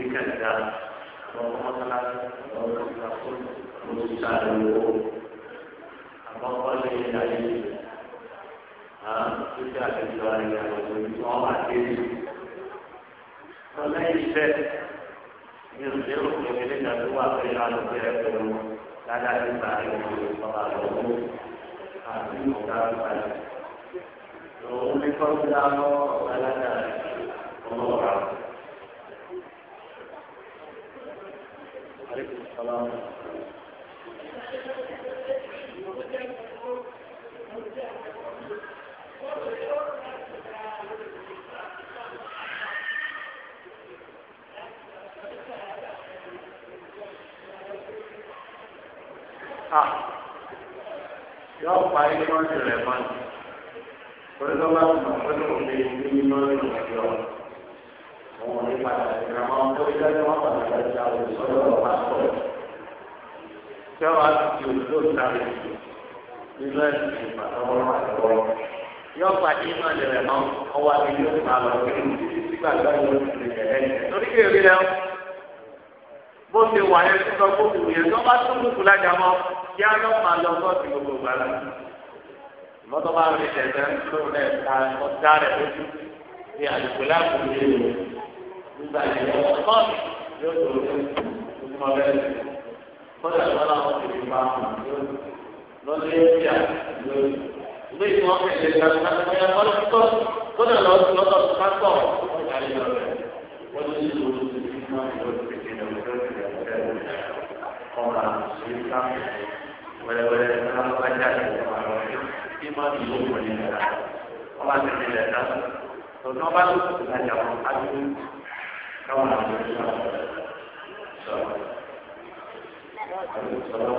ìkẹ̀dá lọ́wọ́ mọ́sálásí lọ́wọ́ ìgbà fún òṣìṣẹ́ àdúgbò àkọ́kọ́ lẹ́yìn ayé ìgbà títí àtẹ̀jọ ayẹyẹ ọ̀gbìn tí wọ́n wà déjì. lọ́lẹ́yìn iṣẹ́ mi ò lérò pé eléyà tó wà pé alùpùpù ẹ̀ pẹ̀lú dáadáa ti gbà ayọ̀ ọ̀gbà lọ́wọ́ àti ọ̀gá àgbà yìí. òun ní kọ́ńtà lọ́wọ́ ọ̀gá dáadáa ọlọ́wọ́ àwọn. عليكم السلام Ah. yọ pa iná rẹ̀ mọ́ ni pẹ̀lú bá tó pẹ̀lú òde ìdí iná rẹ̀ yọ òun ní padà ìrànwọ́ tó yẹ kí wọ́n padà lọ sí àwọn ìṣòro ọ̀pá pọ̀ tí wọ́n á ti di òdòdó sáré nínú ẹ̀sìn ìgbàlọ́wọ́ àtọwọ́ yọ pa iná rẹ̀ mọ́ ọwọ́ àti yóò pa lọ sí ìgbàlọ́wọ́ ìrẹ̀lẹ̀ lórí kí èrè náà bó ṣe wà yẹn tó sọ fún òkú yẹn tó bá tó kúkú lájà mọ́ kí á lọ́ máa lọ bọ́ sí gbogbo gbàrà. ìmọ̀tọ́ bá rí ẹ̀sẹ̀ lóun náà ta ọ̀dá rẹ̀ lójú ní àdìpọ̀ láàbù ní ìlú nígbà yẹn ọ̀tọ́ yóò tó lójú ọmọ rẹ̀ kọ́lá ìwọ́n náà wọ́n ti fi máa mọ̀ lọ́dún yóò jà lórí. ilé ìwọ̀n kẹ̀kẹ́ ìgbàlódé kọ́lá ìwọ́n tó lọ́dọ̀ ọba òṣèlú sáfù wẹ́rẹ́wẹ́rẹ́ ọlọ́pàá jáde ọba rẹ̀ kí má ní ìlú òkùnrin rẹ̀ rà ọba tẹ̀lé rẹ̀ dá ọba tó kù lájà wọn adúlú káwọn àwọn ọmọ ìṣúná sọ̀rọ̀ sọ̀rọ̀.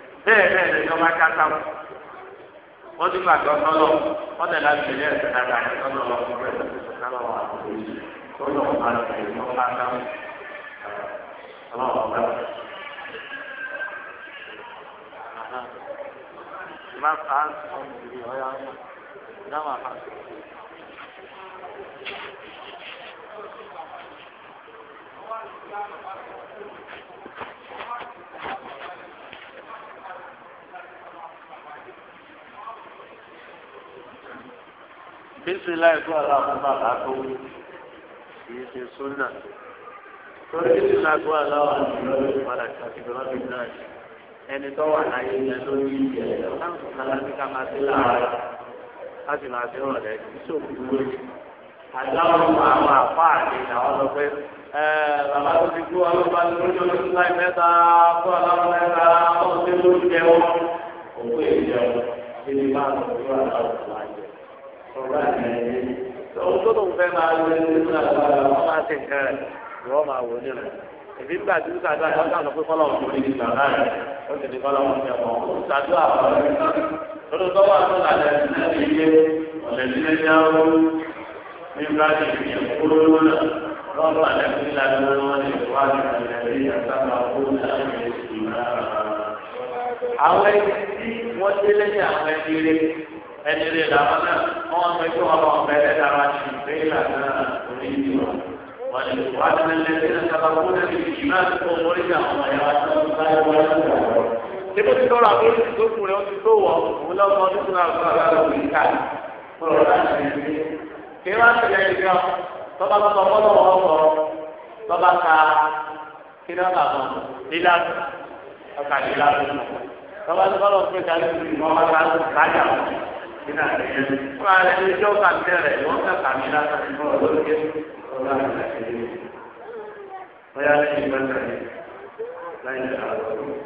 bẹ́ẹ̀ bẹ́ẹ̀ lè lọ́wọ́ akáta wọn. wọ́n ti gbàgbọ́ sọ́lọ́ wọ́n tẹ̀lé àgbẹ̀lẹ̀ ẹ̀sẹ̀ dàgbà sọ́lọ́ Thank you. bísí láì fún ọ̀la fún bàbá tó wí kì ṣe súnà torí bísí láì fún ọ̀la wà lórí padà àti ìgbàlódé náà ẹni tó wà láyé lórí ká máa láàárọ̀ láti máa àwọn àwọn pé bàbá tó ti kú láì mẹ́ta òun tó lóun fẹ́ máa lo ẹni tó wọn máa ṣe nǹkan rẹ̀ ìwọ́ máa wò ní rẹ̀ èmi ń gbàdúrà sàdúrà tó lọ pé kọ́lọ̀ ọ̀hún ní ìgbà náà ó sì ní kọ́lọ̀ ọ̀hún ní ọ̀hún ó sàdúrà ọ̀hún lọ́dún tó wà tó lálẹ́ sílẹ̀ ilé ọ̀lẹ́ sílẹ̀ ní àwọn ní bá ní kúrò lọ́nà lọ́dún àlẹ́ sílẹ̀ ní àwọn ẹ̀sìn ẹni lè làwọn náà wọn sọ pé wọn bọ bẹ̀rẹ̀ dára ju ìgbéyà náà orí ìlú wa wọn lè wá ní ẹlẹ́sẹ̀ náà sábà kó lẹ́nu ìdí náà tó kó mórí ní àwọn ẹ̀yà wa tó ń bá ẹ̀rọ wọn lọ́wọ́ wọn. Ibi tí tọ́lá tó ti tó kù rẹ̀ ó ti tó wọ̀ òun lọ́kọ́ tó tún àwọn ọ̀gá rẹ̀ wò ní káàdì kó lọ́ọ́ láti rẹ̀ sí. Kí wọ́n ti lẹ́yìn gan tọ́ba tó sọ fọ́lọ́ wọn sọ tọ́ba ka kí náà bà mọ́ lílá ọkà lílá tó tọ́ba tó fọ́lọ́ pé ká lè fi ìmọ̀ wọn ká lè bá jà wọn ìdá rẹ̀ wọ́n á lẹ́nu rẹ̀ wọ́n ká kàmínà fún ọ lókè ọlá ìgbà kejì wọ́n yá lẹ́yìn ìgbà kejì láyé ìgbà kejì.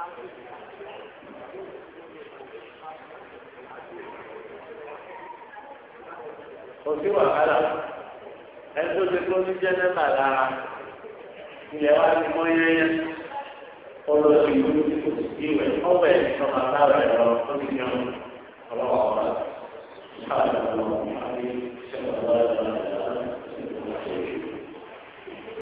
Thank you. kò sí wàhálà ẹni tó ti kó ní jẹ́nẹ́mà lára ilẹ̀ wa ti mọ yẹ́yẹ́ olórí ìlú tí kò sì bí ìwẹ̀ ọ̀bẹ ìtọ́mà lára ẹ̀rọ tó ti yan ọlọ́wọ́ ọ̀la.